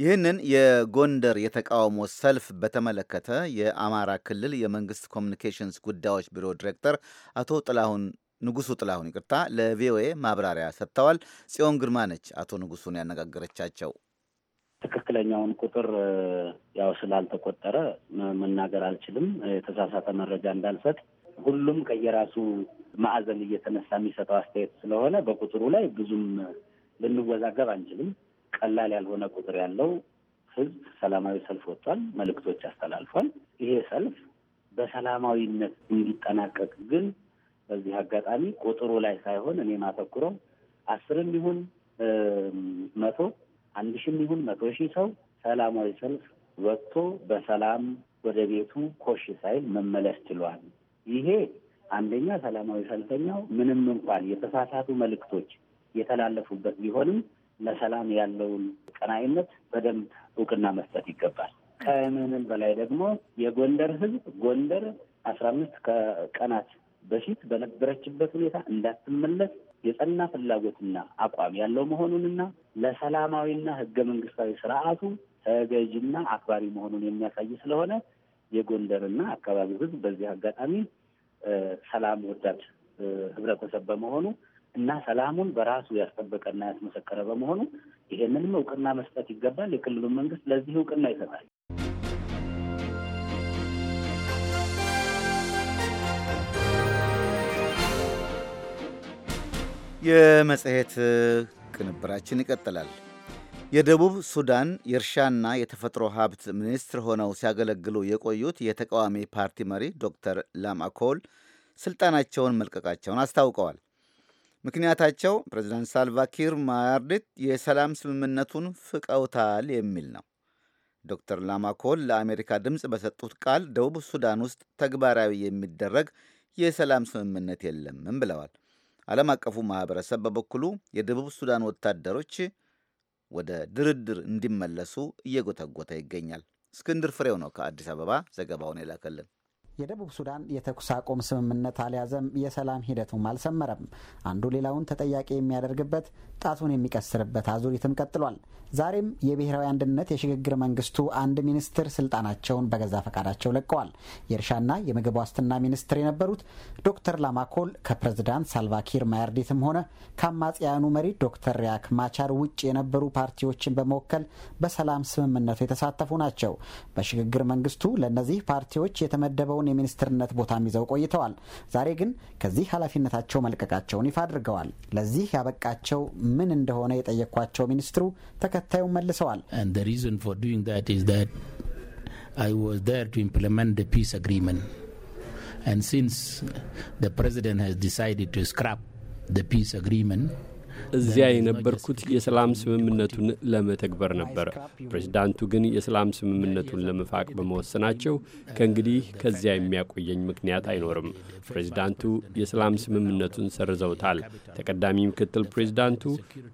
ይህንን የጎንደር የተቃውሞ ሰልፍ በተመለከተ የአማራ ክልል የመንግስት ኮሚኒኬሽንስ ጉዳዮች ቢሮ ዲሬክተር አቶ ጥላሁን ንጉሱ ጥላሁን ይቅርታ፣ ለቪኦኤ ማብራሪያ ሰጥተዋል። ጽዮን ግርማ ነች አቶ ንጉሱን ያነጋገረቻቸው። ትክክለኛውን ቁጥር ያው ስላልተቆጠረ መናገር አልችልም። የተሳሳተ መረጃ እንዳልሰጥ ሁሉም ከየራሱ ማዕዘን እየተነሳ የሚሰጠው አስተያየት ስለሆነ በቁጥሩ ላይ ብዙም ልንወዛገብ አንችልም። ቀላል ያልሆነ ቁጥር ያለው ህዝብ ሰላማዊ ሰልፍ ወጥቷል፣ መልእክቶች አስተላልፏል። ይሄ ሰልፍ በሰላማዊነት እንዲጠናቀቅ ግን በዚህ አጋጣሚ ቁጥሩ ላይ ሳይሆን እኔ ማተኩረው አስርም ይሁን መቶ አንድ ሺም ይሁን መቶ ሺህ ሰው ሰላማዊ ሰልፍ ወጥቶ በሰላም ወደ ቤቱ ኮሽ ሳይል መመለስ ችሏል። ይሄ አንደኛ ሰላማዊ ሰልፈኛው ምንም እንኳን የተሳሳቱ መልእክቶች የተላለፉበት ቢሆንም ለሰላም ያለውን ቀናይነት በደንብ እውቅና መስጠት ይገባል። ከምንም በላይ ደግሞ የጎንደር ህዝብ ጎንደር አስራ አምስት ከቀናት በፊት በነበረችበት ሁኔታ እንዳትመለስ የጸና ፍላጎትና አቋም ያለው መሆኑንና ለሰላማዊና ህገ መንግስታዊ ስርዓቱ ተገዥና አክባሪ መሆኑን የሚያሳይ ስለሆነ የጎንደርና አካባቢው ህዝብ በዚህ አጋጣሚ ሰላም ወዳድ ህብረተሰብ በመሆኑ እና ሰላሙን በራሱ ያስጠበቀና ያስመሰከረ በመሆኑ ይሄንንም እውቅና መስጠት ይገባል። የክልሉ መንግስት ለዚህ እውቅና ይሰጣል። የመጽሔት ቅንብራችን ይቀጥላል። የደቡብ ሱዳን የእርሻና የተፈጥሮ ሀብት ሚኒስትር ሆነው ሲያገለግሉ የቆዩት የተቃዋሚ ፓርቲ መሪ ዶክተር ላም አኮል ስልጣናቸውን መልቀቃቸውን አስታውቀዋል። ምክንያታቸው ፕሬዚዳንት ሳልቫኪር ማያርዲት የሰላም ስምምነቱን ፍቀውታል የሚል ነው። ዶክተር ላማኮል ለአሜሪካ ድምፅ በሰጡት ቃል ደቡብ ሱዳን ውስጥ ተግባራዊ የሚደረግ የሰላም ስምምነት የለም ብለዋል። ዓለም አቀፉ ማህበረሰብ በበኩሉ የደቡብ ሱዳን ወታደሮች ወደ ድርድር እንዲመለሱ እየጎተጎተ ይገኛል። እስክንድር ፍሬው ነው ከአዲስ አበባ ዘገባውን የላከልን። የደቡብ ሱዳን የተኩስ አቁም ስምምነት አልያዘም፣ የሰላም ሂደቱም አልሰመረም። አንዱ ሌላውን ተጠያቂ የሚያደርግበት ጣቱን የሚቀስርበት አዙሪትም ቀጥሏል። ዛሬም የብሔራዊ አንድነት የሽግግር መንግስቱ አንድ ሚኒስትር ስልጣናቸውን በገዛ ፈቃዳቸው ለቀዋል። የእርሻና የምግብ ዋስትና ሚኒስትር የነበሩት ዶክተር ላማኮል ከፕሬዝዳንት ሳልቫኪር ማያርዲትም ሆነ ከአማጽያኑ መሪ ዶክተር ሪያክ ማቻር ውጭ የነበሩ ፓርቲዎችን በመወከል በሰላም ስምምነቱ የተሳተፉ ናቸው። በሽግግር መንግስቱ ለእነዚህ ፓርቲዎች የተመደበውን የሚኒስትርነት ቦታም ይዘው ቆይተዋል። ዛሬ ግን ከዚህ ኃላፊነታቸው መልቀቃቸውን ይፋ አድርገዋል። ለዚህ ያበቃቸው ምን እንደሆነ የጠየኳቸው ሚኒስትሩ ተከታዩን መልሰዋል። I was there to implement the peace agreement. And since the president has decided to scrap the peace agreement, እዚያ የነበርኩት የሰላም ስምምነቱን ለመተግበር ነበር። ፕሬዚዳንቱ ግን የሰላም ስምምነቱን ለመፋቅ በመወሰናቸው ከእንግዲህ ከዚያ የሚያቆየኝ ምክንያት አይኖርም። ፕሬዚዳንቱ የሰላም ስምምነቱን ሰርዘውታል። ተቀዳሚ ምክትል ፕሬዚዳንቱ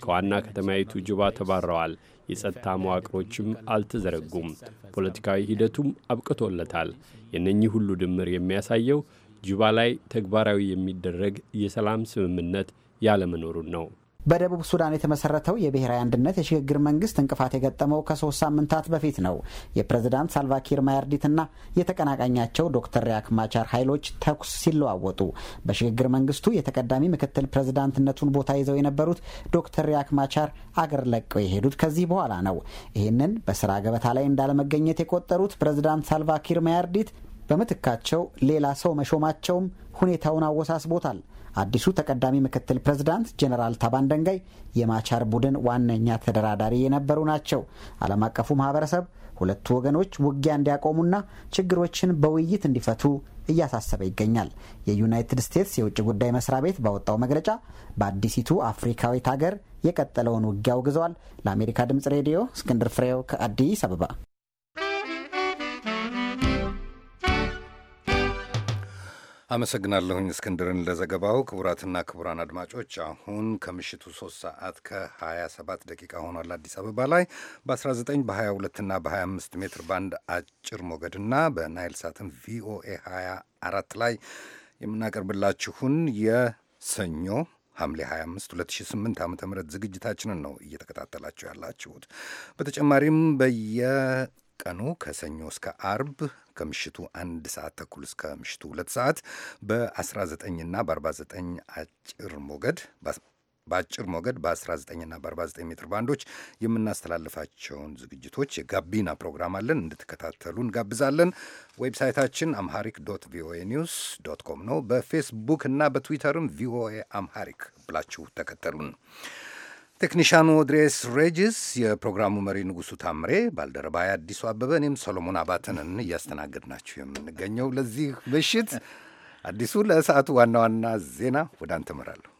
ከዋና ከተማይቱ ጁባ ተባረዋል። የጸጥታ መዋቅሮችም አልተዘረጉም። ፖለቲካዊ ሂደቱም አብቅቶለታል። የነኚህ ሁሉ ድምር የሚያሳየው ጁባ ላይ ተግባራዊ የሚደረግ የሰላም ስምምነት ያለመኖሩን ነው። በደቡብ ሱዳን የተመሰረተው የብሔራዊ አንድነት የሽግግር መንግስት እንቅፋት የገጠመው ከሶስት ሳምንታት በፊት ነው። የፕሬዝዳንት ሳልቫኪር ማያርዲትና የተቀናቃኛቸው ዶክተር ሪያክ ማቻር ኃይሎች ተኩስ ሲለዋወጡ በሽግግር መንግስቱ የተቀዳሚ ምክትል ፕሬዝዳንትነቱን ቦታ ይዘው የነበሩት ዶክተር ሪያክ ማቻር አገር ለቀው የሄዱት ከዚህ በኋላ ነው። ይህንን በስራ ገበታ ላይ እንዳለመገኘት የቆጠሩት ፕሬዝዳንት ሳልቫኪር ማያርዲት በምትካቸው ሌላ ሰው መሾማቸውም ሁኔታውን አወሳስቦታል። አዲሱ ተቀዳሚ ምክትል ፕሬዝዳንት ጀኔራል ታባን ደንጋይ የማቻር ቡድን ዋነኛ ተደራዳሪ የነበሩ ናቸው። ዓለም አቀፉ ማህበረሰብ ሁለቱ ወገኖች ውጊያ እንዲያቆሙና ችግሮችን በውይይት እንዲፈቱ እያሳሰበ ይገኛል። የዩናይትድ ስቴትስ የውጭ ጉዳይ መስሪያ ቤት ባወጣው መግለጫ በአዲሲቱ አፍሪካዊት ሀገር የቀጠለውን ውጊያ አውግዘዋል። ለአሜሪካ ድምጽ ሬዲዮ እስክንድር ፍሬው ከአዲስ አበባ አመሰግናለሁኝ እስክንድርን ለዘገባው። ክቡራትና ክቡራን አድማጮች አሁን ከምሽቱ 3 ሰዓት ከ27 ደቂቃ ሆኗል። አዲስ አበባ ላይ በ19 በ22ና በ25 ሜትር ባንድ አጭር ሞገድና በናይል ሳትን ቪኦኤ 24 ላይ የምናቀርብላችሁን የሰኞ ሐምሌ 25 2008 ዓ ም ዝግጅታችንን ነው እየተከታተላችሁ ያላችሁት። በተጨማሪም በየቀኑ ከሰኞ እስከ አርብ ከምሽቱ አንድ ሰዓት ተኩል እስከ ምሽቱ ሁለት ሰዓት በ19ና በ49 አጭር ሞገድ በአጭር ሞገድ በ 19 እና በ49 ሜትር ባንዶች የምናስተላልፋቸውን ዝግጅቶች የጋቢና ፕሮግራም አለን። እንድትከታተሉ እንጋብዛለን። ዌብሳይታችን አምሃሪክ ዶት ቪኦኤ ኒውስ ዶት ኮም ነው። በፌስቡክ እና በትዊተርም ቪኦኤ አምሃሪክ ብላችሁ ተከተሉን። ቴክኒሻኑ ኦድሬስ ሬጅስ፣ የፕሮግራሙ መሪ ንጉሱ ታምሬ፣ ባልደረባዬ አዲሱ አበበ፣ እኔም ሰሎሞን አባተንን እያስተናገድናችሁ የምንገኘው ለዚህ ምሽት። አዲሱ፣ ለሰዓቱ ዋና ዋና ዜና ወደ አንተ እመራለሁ።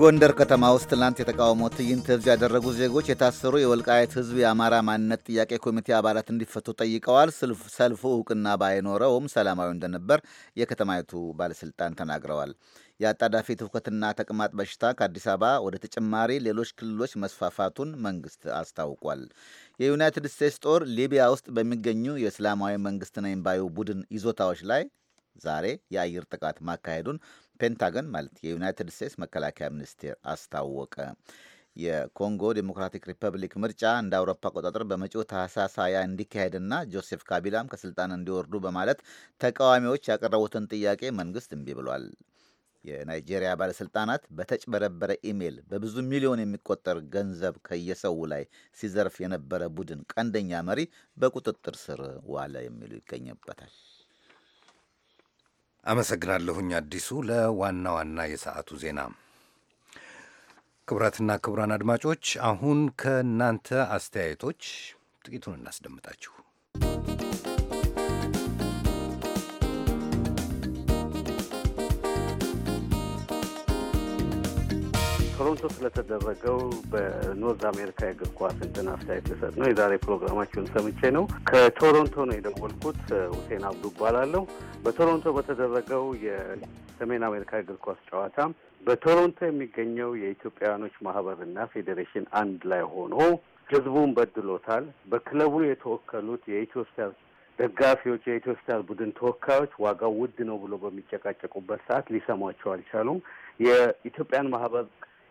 ጎንደር ከተማ ውስጥ ትናንት የተቃውሞ ትዕይንት ህዝብ ያደረጉ ዜጎች የታሰሩ የወልቃየት ህዝብ የአማራ ማንነት ጥያቄ ኮሚቴ አባላት እንዲፈቱ ጠይቀዋል። ሰልፉ እውቅና ባይኖረውም ሰላማዊ እንደነበር የከተማይቱ ባለስልጣን ተናግረዋል። የአጣዳፊ ትውከትና ተቅማጥ በሽታ ከአዲስ አበባ ወደ ተጨማሪ ሌሎች ክልሎች መስፋፋቱን መንግስት አስታውቋል። የዩናይትድ ስቴትስ ጦር ሊቢያ ውስጥ በሚገኙ የእስላማዊ መንግስት ነኝ ባዩ ቡድን ይዞታዎች ላይ ዛሬ የአየር ጥቃት ማካሄዱን ፔንታገን ማለት የዩናይትድ ስቴትስ መከላከያ ሚኒስቴር አስታወቀ። የኮንጎ ዴሞክራቲክ ሪፐብሊክ ምርጫ እንደ አውሮፓ አቆጣጠር በመጪው ታህሳስ ሃያ እንዲካሄድና ጆሴፍ ካቢላም ከስልጣን እንዲወርዱ በማለት ተቃዋሚዎች ያቀረቡትን ጥያቄ መንግስት እምቢ ብሏል። የናይጄሪያ ባለስልጣናት በተጭበረበረ ኢሜይል በብዙ ሚሊዮን የሚቆጠር ገንዘብ ከየሰው ላይ ሲዘርፍ የነበረ ቡድን ቀንደኛ መሪ በቁጥጥር ስር ዋለ የሚሉ ይገኝበታል። አመሰግናለሁኝ አዲሱ። ለዋና ዋና የሰዓቱ ዜና ክቡራትና ክቡራን አድማጮች፣ አሁን ከእናንተ አስተያየቶች ጥቂቱን እናስደምጣችሁ። በቶሮንቶ ስለተደረገው በኖርዝ አሜሪካ የእግር ኳስ እንትን አስተያየት ልሰጥ ነው። የዛሬ ፕሮግራማችሁን ሰምቼ ነው። ከቶሮንቶ ነው የደወልኩት። ሁሴን አብዱ እባላለሁ። በቶሮንቶ በተደረገው የሰሜን አሜሪካ የእግር ኳስ ጨዋታ በቶሮንቶ የሚገኘው የኢትዮጵያውያኖች ማህበርና ፌዴሬሽን አንድ ላይ ሆኖ ህዝቡን በድሎታል። በክለቡ የተወከሉት የኢትዮስታር ደጋፊዎች የኢትዮስታር ቡድን ተወካዮች ዋጋው ውድ ነው ብሎ በሚጨቃጨቁበት ሰዓት ሊሰሟቸው አልቻሉም። የኢትዮጵያን ማህበር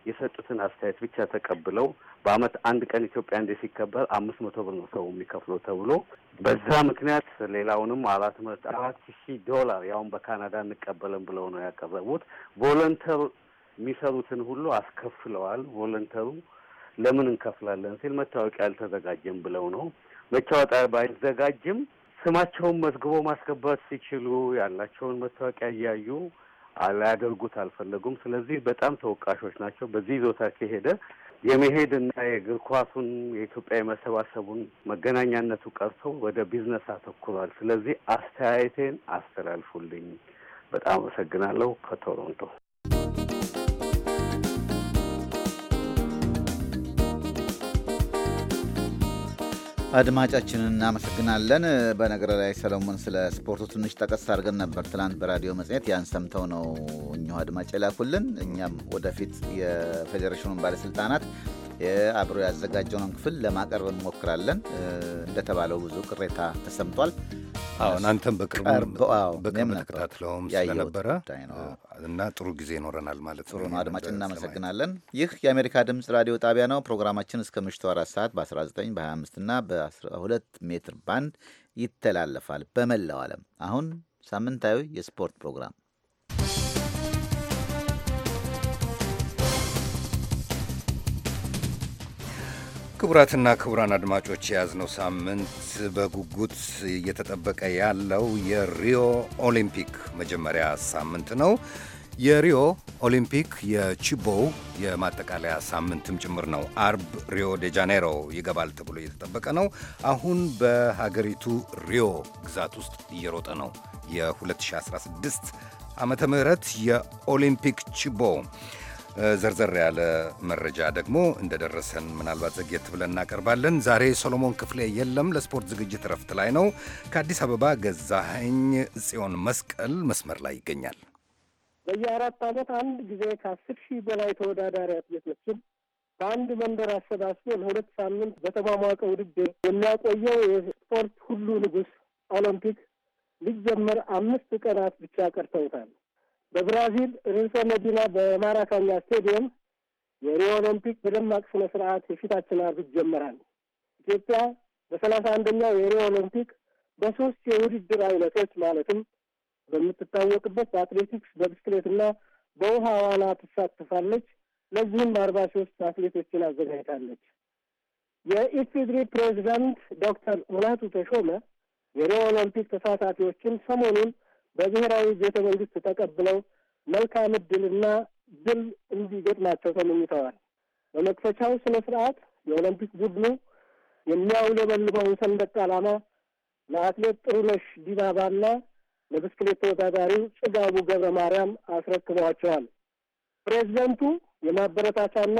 የሰጡትን አስተያየት ብቻ ተቀብለው በአመት አንድ ቀን ኢትዮጵያ እንዴ ሲከበር አምስት መቶ ብር ነው ሰው የሚከፍለው ተብሎ በዛ ምክንያት ሌላውንም አራት መቶ አራት ሺህ ዶላር ያውን በካናዳ እንቀበለን ብለው ነው ያቀረቡት። ቮለንተር የሚሰሩትን ሁሉ አስከፍለዋል። ቮለንተሩ ለምን እንከፍላለን ሲል መታወቂያ አልተዘጋጀም ብለው ነው። መታወቂያ ባይዘጋጅም ስማቸውን መዝግቦ ማስገባት ሲችሉ ያላቸውን መታወቂያ እያዩ ላያደርጉት አልፈለጉም። ስለዚህ በጣም ተወቃሾች ናቸው። በዚህ ይዞታ ከሄደ የመሄድና የእግር ኳሱን የኢትዮጵያ የመሰባሰቡን መገናኛነቱ ቀርቶ ወደ ቢዝነስ አተኩሯል። ስለዚህ አስተያየቴን አስተላልፉልኝ። በጣም አመሰግናለሁ። ከቶሮንቶ አድማጫችንን እናመሰግናለን። በነገር ላይ ሰለሞን ስለ ስፖርቱ ትንሽ ጠቀስ አድርገን ነበር ትናንት በራዲዮ መጽሔት። ያን ሰምተው ነው እኚሁ አድማጭ የላኩልን። እኛም ወደፊት የፌዴሬሽኑን ባለስልጣናት አብሮ ያዘጋጀውን ክፍል ለማቀርብ እንሞክራለን። እንደተባለው ብዙ ቅሬታ ተሰምቷል። አሁን አንተም በቅርቡ በቅርብ ተከታትለውም ስለነበረ እና ጥሩ ጊዜ ይኖረናል ማለት ነው። ጥሩ ነው አድማጭ፣ እናመሰግናለን። ይህ የአሜሪካ ድምፅ ራዲዮ ጣቢያ ነው። ፕሮግራማችን እስከ ምሽቱ አራት ሰዓት በ19 በ25 እና በ12 ሜትር ባንድ ይተላለፋል በመላው ዓለም። አሁን ሳምንታዊ የስፖርት ፕሮግራም ክቡራትና ክቡራን አድማጮች የያዝነው ሳምንት በጉጉት እየተጠበቀ ያለው የሪዮ ኦሊምፒክ መጀመሪያ ሳምንት ነው። የሪዮ ኦሊምፒክ የቺቦው የማጠቃለያ ሳምንትም ጭምር ነው። አርብ ሪዮ ዴ ጃኔሮ ይገባል ተብሎ እየተጠበቀ ነው። አሁን በሀገሪቱ ሪዮ ግዛት ውስጥ እየሮጠ ነው። የ2016 ዓመተ ምህረት የኦሊምፒክ ቺቦ ዘርዘር ያለ መረጃ ደግሞ እንደደረሰን ምናልባት ዘግየት ብለን እናቀርባለን። ዛሬ ሰሎሞን ክፍሌ የለም፣ ለስፖርት ዝግጅት እረፍት ላይ ነው። ከአዲስ አበባ ገዛኸኝ ጽዮን መስቀል መስመር ላይ ይገኛል። በየአራት ዓመት አንድ ጊዜ ከአስር ሺህ በላይ ተወዳዳሪ አትሌቶችን በአንድ መንደር አሰባስቦ ለሁለት ሳምንት በተሟሟቀ ውድድር የሚያቆየው የስፖርት ሁሉ ንጉሥ ኦሎምፒክ ሊጀመር አምስት ቀናት ብቻ ቀርተውታል። በብራዚል ርዕሰ መዲና በማራካኛ ስቴዲየም የሪዮ ኦሎምፒክ በደማቅ ስነ ስርዓት የፊታችን አርብ ይጀመራል። ኢትዮጵያ በሰላሳ አንደኛው የሪዮ ኦሎምፒክ በሶስት የውድድር አይነቶች ማለትም በምትታወቅበት በአትሌቲክስ በብስክሌትና በውሃ ዋና ትሳተፋለች። ለዚህም በአርባ ሶስት አትሌቶችን አዘጋጅታለች። የኢፌድሪ ፕሬዚዳንት ዶክተር ሙላቱ ተሾመ የሪዮ ኦሎምፒክ ተሳታፊዎችን ሰሞኑን በብሔራዊ ቤተ መንግስት ተቀብለው መልካም እድልና ድል እንዲገጥማቸው ተመኝተዋል። በመክፈቻው ስነ ስርዓት የኦሎምፒክ ቡድኑ የሚያውለበልበውን ሰንደቅ ዓላማ ለአትሌት ጥሩነሽ ዲባባና ለብስክሌት ተወዳዳሪው ጽጋቡ ገብረ ማርያም አስረክበዋቸዋል። ፕሬዚደንቱ የማበረታቻና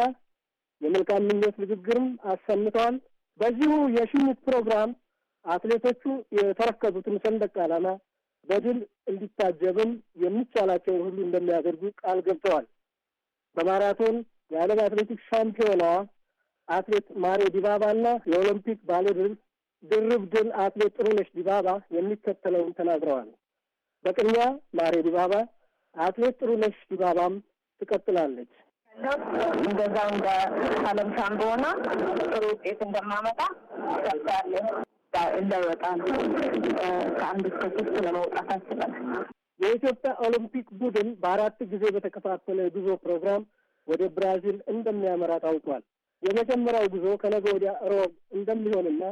የመልካም ምኞት ንግግርም አሰምተዋል። በዚሁ የሽኝት ፕሮግራም አትሌቶቹ የተረከዙትን ሰንደቅ ዓላማ በድል እንዲታጀብም የሚቻላቸውን ሁሉ እንደሚያደርጉ ቃል ገብተዋል። በማራቶን የዓለም አትሌቲክስ ሻምፒዮና አትሌት ማሬ ዲባባና የኦሎምፒክ ባለድል ድርብ ድል አትሌት ጥሩነሽ ዲባባ የሚከተለውን ተናግረዋል። በቅድሚያ ማሬ ዲባባ፣ አትሌት ጥሩነሽ ዲባባም ትቀጥላለች። እንደዛ እንደ ዓለም ሻምፒዮና ጥሩ ውጤት እንደማመጣ ሰርታለሁ። እንዳይወጣ ነው። ከአንድ እስከ ሶስት ለመውጣት አስበናል። የኢትዮጵያ ኦሎምፒክ ቡድን በአራት ጊዜ በተከፋፈለ ጉዞ ፕሮግራም ወደ ብራዚል እንደሚያመራ ታውቋል። የመጀመሪያው ጉዞ ከነገ ወዲያ ሮብ እንደሚሆንና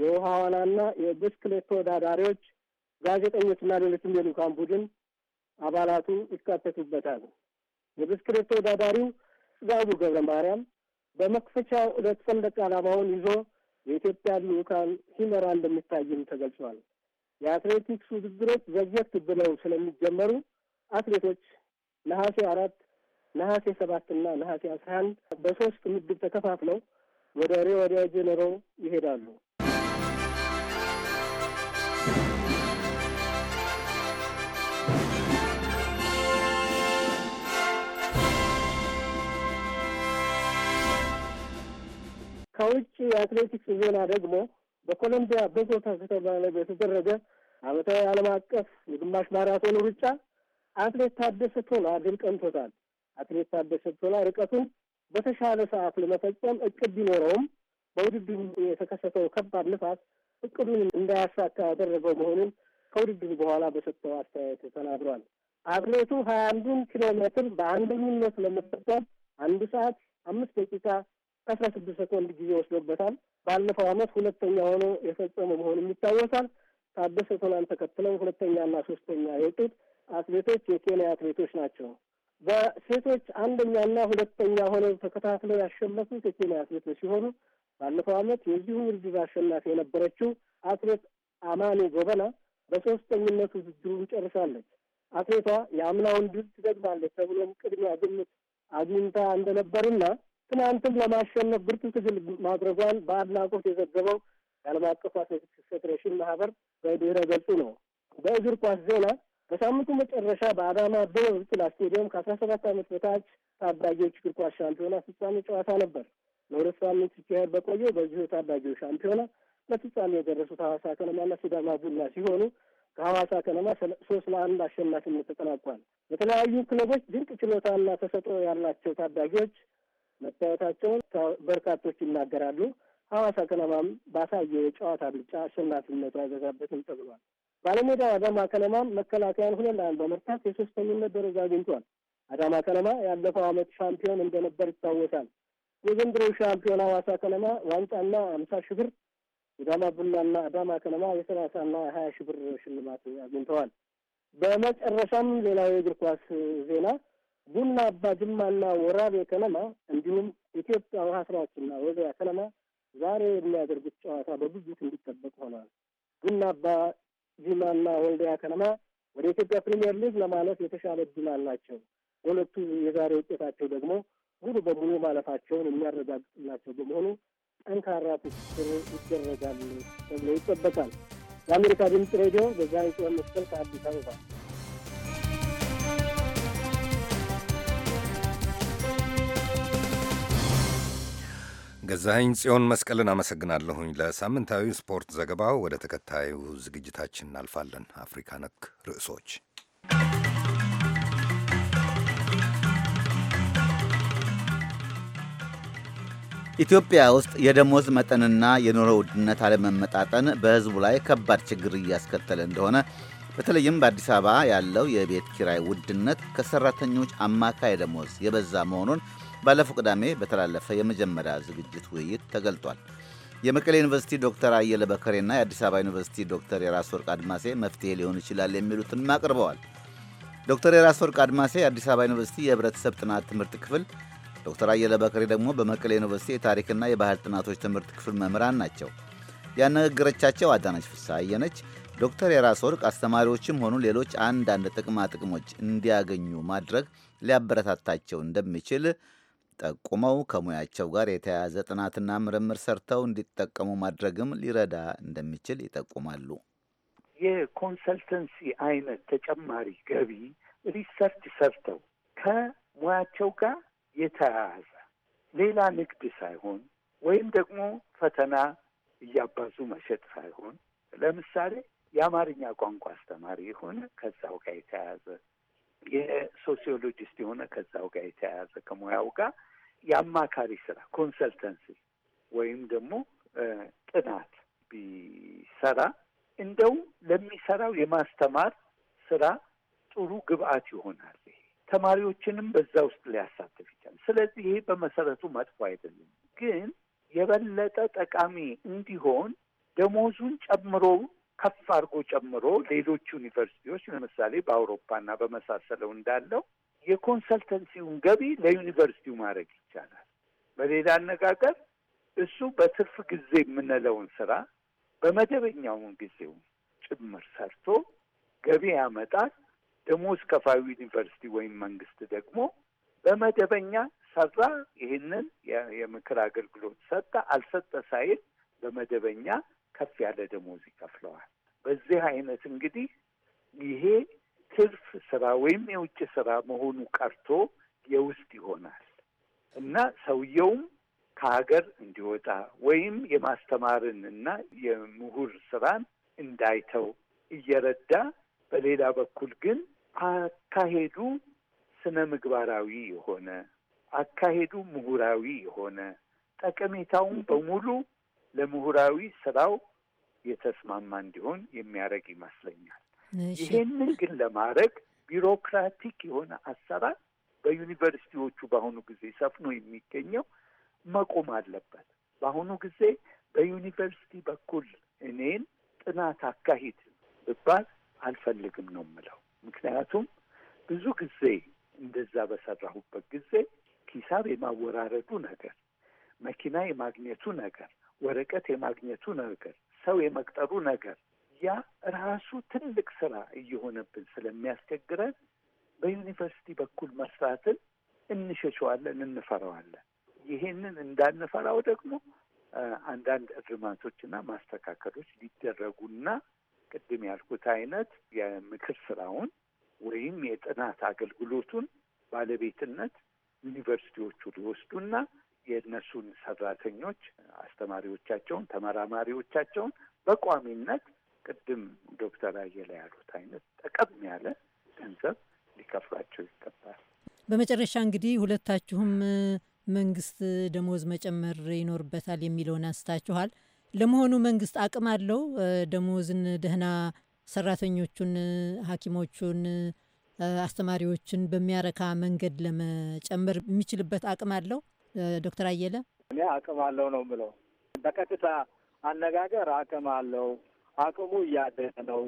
የውሃ ዋናና የብስክሌት ተወዳዳሪዎች፣ ጋዜጠኞችና ሌሎችም የልዑካን ቡድን አባላቱ ይካተቱበታል። የብስክሌት ተወዳዳሪው ጽጋቡ ገብረ ማርያም በመክፈቻው ዕለት ሰንደቅ ዓላማውን ይዞ የኢትዮጵያ ልዑካን ሂመራ እንደሚታይም ተገልጿል። የአትሌቲክስ ውድድሮች ዘግየት ብለው ስለሚጀመሩ አትሌቶች ነሐሴ አራት ነሐሴ ሰባትና ነሐሴ አስራ አንድ በሶስት ምድብ ተከፋፍለው ወደ ሪዮ ደ ጄኔሮ ይሄዳሉ። ከውጭ የአትሌቲክስ ዜና ደግሞ በኮሎምቢያ ቦጎታ ከተማ ላይ በተደረገ ዓመታዊ ዓለም አቀፍ የግማሽ ማራቶን ሩጫ አትሌት ታደሰ ቶላ ድል ቀንቶታል። አትሌት ታደሰ ቶላ ርቀቱን በተሻለ ሰዓት ለመፈጸም እቅድ ቢኖረውም በውድድሩ የተከሰተው ከባድ ንፋስ እቅዱን እንዳያሳካ ያደረገው መሆኑን ከውድድሩ በኋላ በሰጠው አስተያየት ተናግሯል። አትሌቱ ሀያ አንዱን ኪሎ ሜትር በአንደኝነት ለመፈጸም አንድ ሰዓት አምስት ደቂቃ ከአስራ ስድስት ሰኮንድ ጊዜ ወስዶበታል። ባለፈው ዓመት ሁለተኛ ሆኖ የፈጸመ መሆኑም ይታወሳል። ታደሰ ቶላን ተከትለው ሁለተኛና ሶስተኛ የወጡት አትሌቶች የኬንያ አትሌቶች ናቸው። በሴቶች አንደኛና ሁለተኛ ሆነው ተከታትለው ያሸነፉት የኬንያ አትሌቶች ሲሆኑ ባለፈው አመት የዚሁ ውድድር አሸናፊ የነበረችው አትሌት አማኔ ጎበና በሶስተኝነት ውድድሩን ጨርሳለች። አትሌቷ የአምናውን ድል ትደግማለች ተብሎም ቅድሚያ ግምት አግኝታ እንደነበርና ትናንትም ለማሸነፍ ብርቱ ትግል ማድረጓን በአድናቆት የዘገበው የዓለም አቀፍ አትሌቲክስ ፌዴሬሽን ማህበር በድረ ገጹ ነው። በእግር ኳስ ዜና በሳምንቱ መጨረሻ በአዳማ አበበ ቢቂላ ስቴዲየም ከአስራ ሰባት ዓመት በታች ታዳጊዎች እግር ኳስ ሻምፒዮና ፍጻሜ ጨዋታ ነበር። ለሁለት ሳምንት ሲካሄድ በቆየው በዚሁ ታዳጊዎች ሻምፒዮና ለፍጻሜ የደረሱት ሐዋሳ ከነማና ሲዳማ ቡና ሲሆኑ ከሐዋሳ ከነማ ሶስት ለአንድ አሸናፊነት ተጠናቋል። በተለያዩ ክለቦች ድንቅ ችሎታና ተሰጥኦ ያላቸው ታዳጊዎች መታየታቸውን በርካቶች ይናገራሉ። ሐዋሳ ከነማም ባሳየው የጨዋታ ብልጫ አሸናፊነቱ አይበዛበትም ተብሏል። ባለሜዳው አዳማ ከነማም መከላከያን ሁለት ለአንድ በመርታት የሶስተኝነት ደረጃ አግኝቷል። አዳማ ከነማ ያለፈው ዓመት ሻምፒዮን እንደነበር ይታወሳል። የዘንድሮ ሻምፒዮን ሐዋሳ ከነማ ዋንጫና አምሳ ሺህ ብር ሲዳማ ቡናና አዳማ ከነማ የሰላሳና ሀያ ሺህ ብር ሽልማት አግኝተዋል። በመጨረሻም ሌላው የእግር ኳስ ዜና ቡና አባ ጅማና ወራቤ ከነማ እንዲሁም ኢትዮጵያ ውሃ ስራዎችና ወልዲያ ከነማ ዛሬ የሚያደርጉት ጨዋታ በጉጉት እንዲጠበቅ ሆኗል። ቡና አባ ጅማና ወልዲያ ከነማ ወደ ኢትዮጵያ ፕሪሚየር ሊግ ለማለፍ የተሻለ እድል አላቸው። በሁለቱ የዛሬ ውጤታቸው ደግሞ ሙሉ በሙሉ ማለፋቸውን የሚያረጋግጥላቸው በመሆኑ ጠንካራ ትስስር ይደረጋል ተብሎ ይጠበቃል። የአሜሪካ ድምፅ ሬዲዮ በዛ ጽዮን መስቀል ከአዲስ አበባ ገዛኸኝ ጽዮን መስቀልን አመሰግናለሁኝ ለሳምንታዊ ስፖርት ዘገባው። ወደ ተከታዩ ዝግጅታችን እናልፋለን። አፍሪካ ነክ ርዕሶች ኢትዮጵያ ውስጥ የደሞዝ መጠንና የኑሮ ውድነት አለመመጣጠን በሕዝቡ ላይ ከባድ ችግር እያስከተለ እንደሆነ በተለይም በአዲስ አበባ ያለው የቤት ኪራይ ውድነት ከሰራተኞች አማካይ ደሞዝ የበዛ መሆኑን ባለፈው ቅዳሜ በተላለፈ የመጀመሪያ ዝግጅት ውይይት ተገልጧል። የመቀሌ ዩኒቨርሲቲ ዶክተር አየለ በከሬና የአዲስ አበባ ዩኒቨርሲቲ ዶክተር የራስ ወርቅ አድማሴ መፍትሄ ሊሆን ይችላል የሚሉትን አቅርበዋል። ዶክተር የራስ ወርቅ አድማሴ የአዲስ አበባ ዩኒቨርሲቲ የህብረተሰብ ጥናት ትምህርት ክፍል፣ ዶክተር አየለ በከሬ ደግሞ በመቀሌ ዩኒቨርሲቲ የታሪክና የባህል ጥናቶች ትምህርት ክፍል መምህራን ናቸው። ያነጋገረቻቸው አዳነች ፍስሐዬ ነች። ዶክተር የራስ ወርቅ አስተማሪዎችም ሆኑ ሌሎች አንዳንድ ጥቅማ ጥቅሞች እንዲያገኙ ማድረግ ሊያበረታታቸው እንደሚችል ጠቁመው ከሙያቸው ጋር የተያያዘ ጥናትና ምርምር ሰርተው እንዲጠቀሙ ማድረግም ሊረዳ እንደሚችል ይጠቁማሉ። የኮንሰልተንሲ አይነት ተጨማሪ ገቢ ሪሰርች ሰርተው ከሙያቸው ጋር የተያያዘ ሌላ ንግድ ሳይሆን ወይም ደግሞ ፈተና እያባዙ መሸጥ ሳይሆን፣ ለምሳሌ የአማርኛ ቋንቋ አስተማሪ የሆነ ከዛው ጋር የተያያዘ የሶሲዮሎጂስት የሆነ ከዛው ጋር የተያያዘ ከሙያው ጋር የአማካሪ ስራ ኮንሰልተንሲ ወይም ደግሞ ጥናት ቢሰራ እንደው ለሚሰራው የማስተማር ስራ ጥሩ ግብአት ይሆናል። ተማሪዎችንም በዛ ውስጥ ሊያሳትፍ ይችላል። ስለዚህ ይሄ በመሰረቱ መጥፎ አይደለም፣ ግን የበለጠ ጠቃሚ እንዲሆን ደሞዙን ጨምሮ ከፍ አድርጎ ጨምሮ ሌሎች ዩኒቨርሲቲዎች ለምሳሌ በአውሮፓና በመሳሰለው እንዳለው የኮንሰልተንሲውን ገቢ ለዩኒቨርሲቲው ማድረግ ይቻላል። በሌላ አነጋገር እሱ በትርፍ ጊዜ የምንለውን ስራ በመደበኛውን ጊዜው ጭምር ሰርቶ ገቢ ያመጣል። ደሞዝ ከፋዩ ዩኒቨርሲቲ ወይም መንግስት ደግሞ በመደበኛ ሰራ፣ ይህንን የምክር አገልግሎት ሰጠ አልሰጠ ሳይል በመደበኛ ከፍ ያለ ደሞዝ ይከፍለዋል። በዚህ አይነት እንግዲህ ይሄ ትርፍ ስራ ወይም የውጭ ስራ መሆኑ ቀርቶ የውስጥ ይሆናል እና ሰውየውም ከሀገር እንዲወጣ ወይም የማስተማርን እና የምሁር ስራን እንዳይተው እየረዳ በሌላ በኩል ግን አካሄዱ ስነ ምግባራዊ የሆነ አካሄዱ ምሁራዊ የሆነ ጠቀሜታውን በሙሉ ለምሁራዊ ስራው የተስማማ እንዲሆን የሚያደርግ ይመስለኛል። ይሄንን ግን ለማድረግ ቢሮክራቲክ የሆነ አሰራር በዩኒቨርሲቲዎቹ በአሁኑ ጊዜ ሰፍኖ የሚገኘው መቆም አለበት። በአሁኑ ጊዜ በዩኒቨርሲቲ በኩል እኔን ጥናት አካሂድ ብባል አልፈልግም ነው የምለው። ምክንያቱም ብዙ ጊዜ እንደዛ በሰራሁበት ጊዜ ሂሳብ የማወራረዱ ነገር፣ መኪና የማግኘቱ ነገር ወረቀት የማግኘቱ ነገር፣ ሰው የመቅጠሩ ነገር ያ ራሱ ትልቅ ስራ እየሆነብን ስለሚያስቸግረን በዩኒቨርሲቲ በኩል መስራትን እንሸሸዋለን፣ እንፈራዋለን። ይሄንን እንዳንፈራው ደግሞ አንዳንድ እርማቶችና ማስተካከሎች ሊደረጉና ቅድም ያልኩት አይነት የምክር ስራውን ወይም የጥናት አገልግሎቱን ባለቤትነት ዩኒቨርሲቲዎቹ ሊወስዱና የእነሱን ሰራተኞች፣ አስተማሪዎቻቸውን፣ ተመራማሪዎቻቸውን በቋሚነት ቅድም ዶክተር አየለ ያሉት አይነት ጠቀም ያለ ገንዘብ ሊከፍሏቸው ይገባል። በመጨረሻ እንግዲህ ሁለታችሁም መንግስት ደሞዝ መጨመር ይኖርበታል የሚለውን አንስታችኋል። ለመሆኑ መንግስት አቅም አለው ደሞዝን ደህና ሰራተኞቹን፣ ሐኪሞቹን፣ አስተማሪዎችን በሚያረካ መንገድ ለመጨመር የሚችልበት አቅም አለው? ዶክተር አየለ? እኔ አቅም አለው ነው ምለው በቀጥታ አነጋገር አቅም አለው። አቅሙ እያደገ ነው።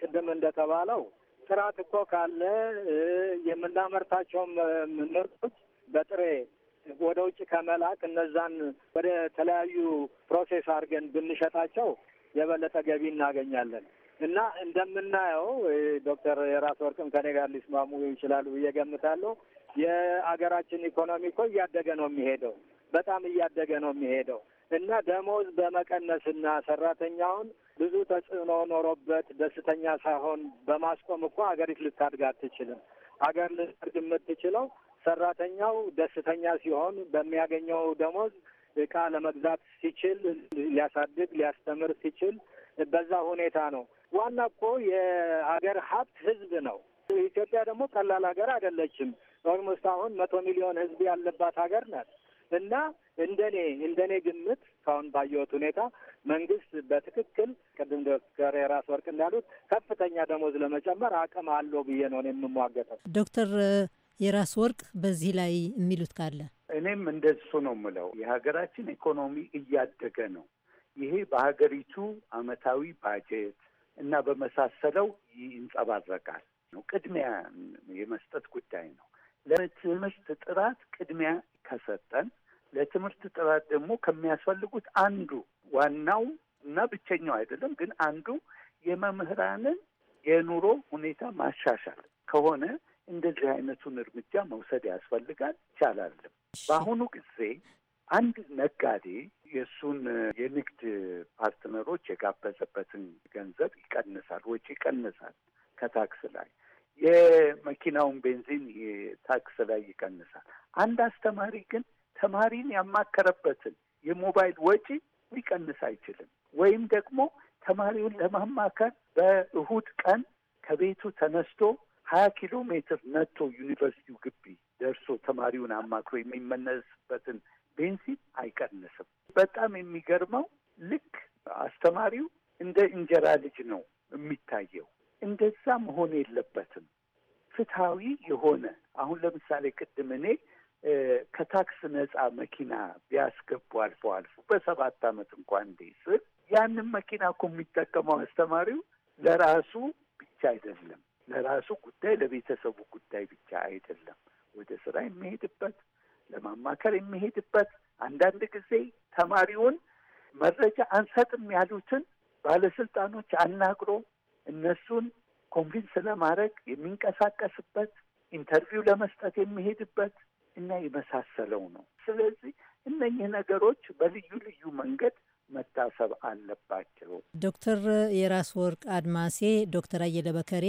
ቅድም እንደተባለው ጥራት እኮ ካለ የምናመርታቸውም ምርቶች በጥሬ ወደ ውጭ ከመላክ እነዛን ወደ ተለያዩ ፕሮሴስ አድርገን ብንሸጣቸው የበለጠ ገቢ እናገኛለን እና እንደምናየው ዶክተር የራስ ወርቅም ከኔ ጋር ሊስማሙ ይችላሉ ብዬ ገምታለሁ። የአገራችን ኢኮኖሚ እኮ እያደገ ነው የሚሄደው፣ በጣም እያደገ ነው የሚሄደው እና ደሞዝ በመቀነስና ሰራተኛውን ብዙ ተጽዕኖ ኖሮበት ደስተኛ ሳይሆን በማስቆም እኮ አገሪት ልታድግ አትችልም። አገር ልታድግ የምትችለው ሰራተኛው ደስተኛ ሲሆን በሚያገኘው ደሞዝ እቃ ለመግዛት ሲችል፣ ሊያሳድግ ሊያስተምር ሲችል፣ በዛ ሁኔታ ነው። ዋና እኮ የሀገር ሀብት ህዝብ ነው። ኢትዮጵያ ደግሞ ቀላል ሀገር አይደለችም። ኦልሞስት አሁን መቶ ሚሊዮን ህዝብ ያለባት ሀገር ናት እና እንደኔ እንደኔ ግምት ካሁን ባየሁት ሁኔታ መንግስት በትክክል ቅድም ዶክተር የራስ ወርቅ እንዳሉት ከፍተኛ ደሞዝ ለመጨመር አቅም አለው ብዬ ነው የምሟገተው። ዶክተር የራስ ወርቅ በዚህ ላይ የሚሉት ካለ እኔም እንደሱ ነው የምለው። የሀገራችን ኢኮኖሚ እያደገ ነው። ይሄ በሀገሪቱ አመታዊ ባጀት እና በመሳሰለው ይንጸባረቃል ነው ቅድሚያ የመስጠት ጉዳይ ነው። ለትምህርት ጥራት ቅድሚያ ከሰጠን ለትምህርት ጥራት ደግሞ ከሚያስፈልጉት አንዱ ዋናው እና ብቸኛው አይደለም ግን አንዱ የመምህራንን የኑሮ ሁኔታ ማሻሻል ከሆነ እንደዚህ አይነቱን እርምጃ መውሰድ ያስፈልጋል። ይቻላልም። በአሁኑ ጊዜ አንድ ነጋዴ የእሱን የንግድ ፓርትነሮች የጋበዘበትን ገንዘብ ይቀንሳል፣ ወጪ ይቀንሳል ከታክስ ላይ የመኪናውን ቤንዚን ታክስ ላይ ይቀንሳል። አንድ አስተማሪ ግን ተማሪን ያማከረበትን የሞባይል ወጪ ሊቀንስ አይችልም። ወይም ደግሞ ተማሪውን ለማማከር በእሁድ ቀን ከቤቱ ተነስቶ ሀያ ኪሎ ሜትር ነቶ ዩኒቨርሲቲው ግቢ ደርሶ ተማሪውን አማክሮ የሚመነስበትን ቤንዚን አይቀንስም። በጣም የሚገርመው ልክ አስተማሪው እንደ እንጀራ ልጅ ነው የሚታየው። እንደዛ መሆን የለበትም። ፍትሐዊ የሆነ አሁን ለምሳሌ ቅድም እኔ ከታክስ ነጻ መኪና ቢያስገቡ አልፎ አልፎ በሰባት አመት እንኳን እንዴ ስል ያንን መኪና እኮ የሚጠቀመው አስተማሪው ለራሱ ብቻ አይደለም፣ ለራሱ ጉዳይ ለቤተሰቡ ጉዳይ ብቻ አይደለም። ወደ ስራ የሚሄድበት ለማማከር የሚሄድበት አንዳንድ ጊዜ ተማሪውን መረጃ አንሰጥም ያሉትን ባለስልጣኖች አናግሮ እነሱን ኮንቪንስ ለማድረግ የሚንቀሳቀስበት ኢንተርቪው ለመስጠት የሚሄድበት እና የመሳሰለው ነው። ስለዚህ እነኚህ ነገሮች በልዩ ልዩ መንገድ መታሰብ አለባቸው። ዶክተር የራስ ወርቅ አድማሴ፣ ዶክተር አየለ በከሬ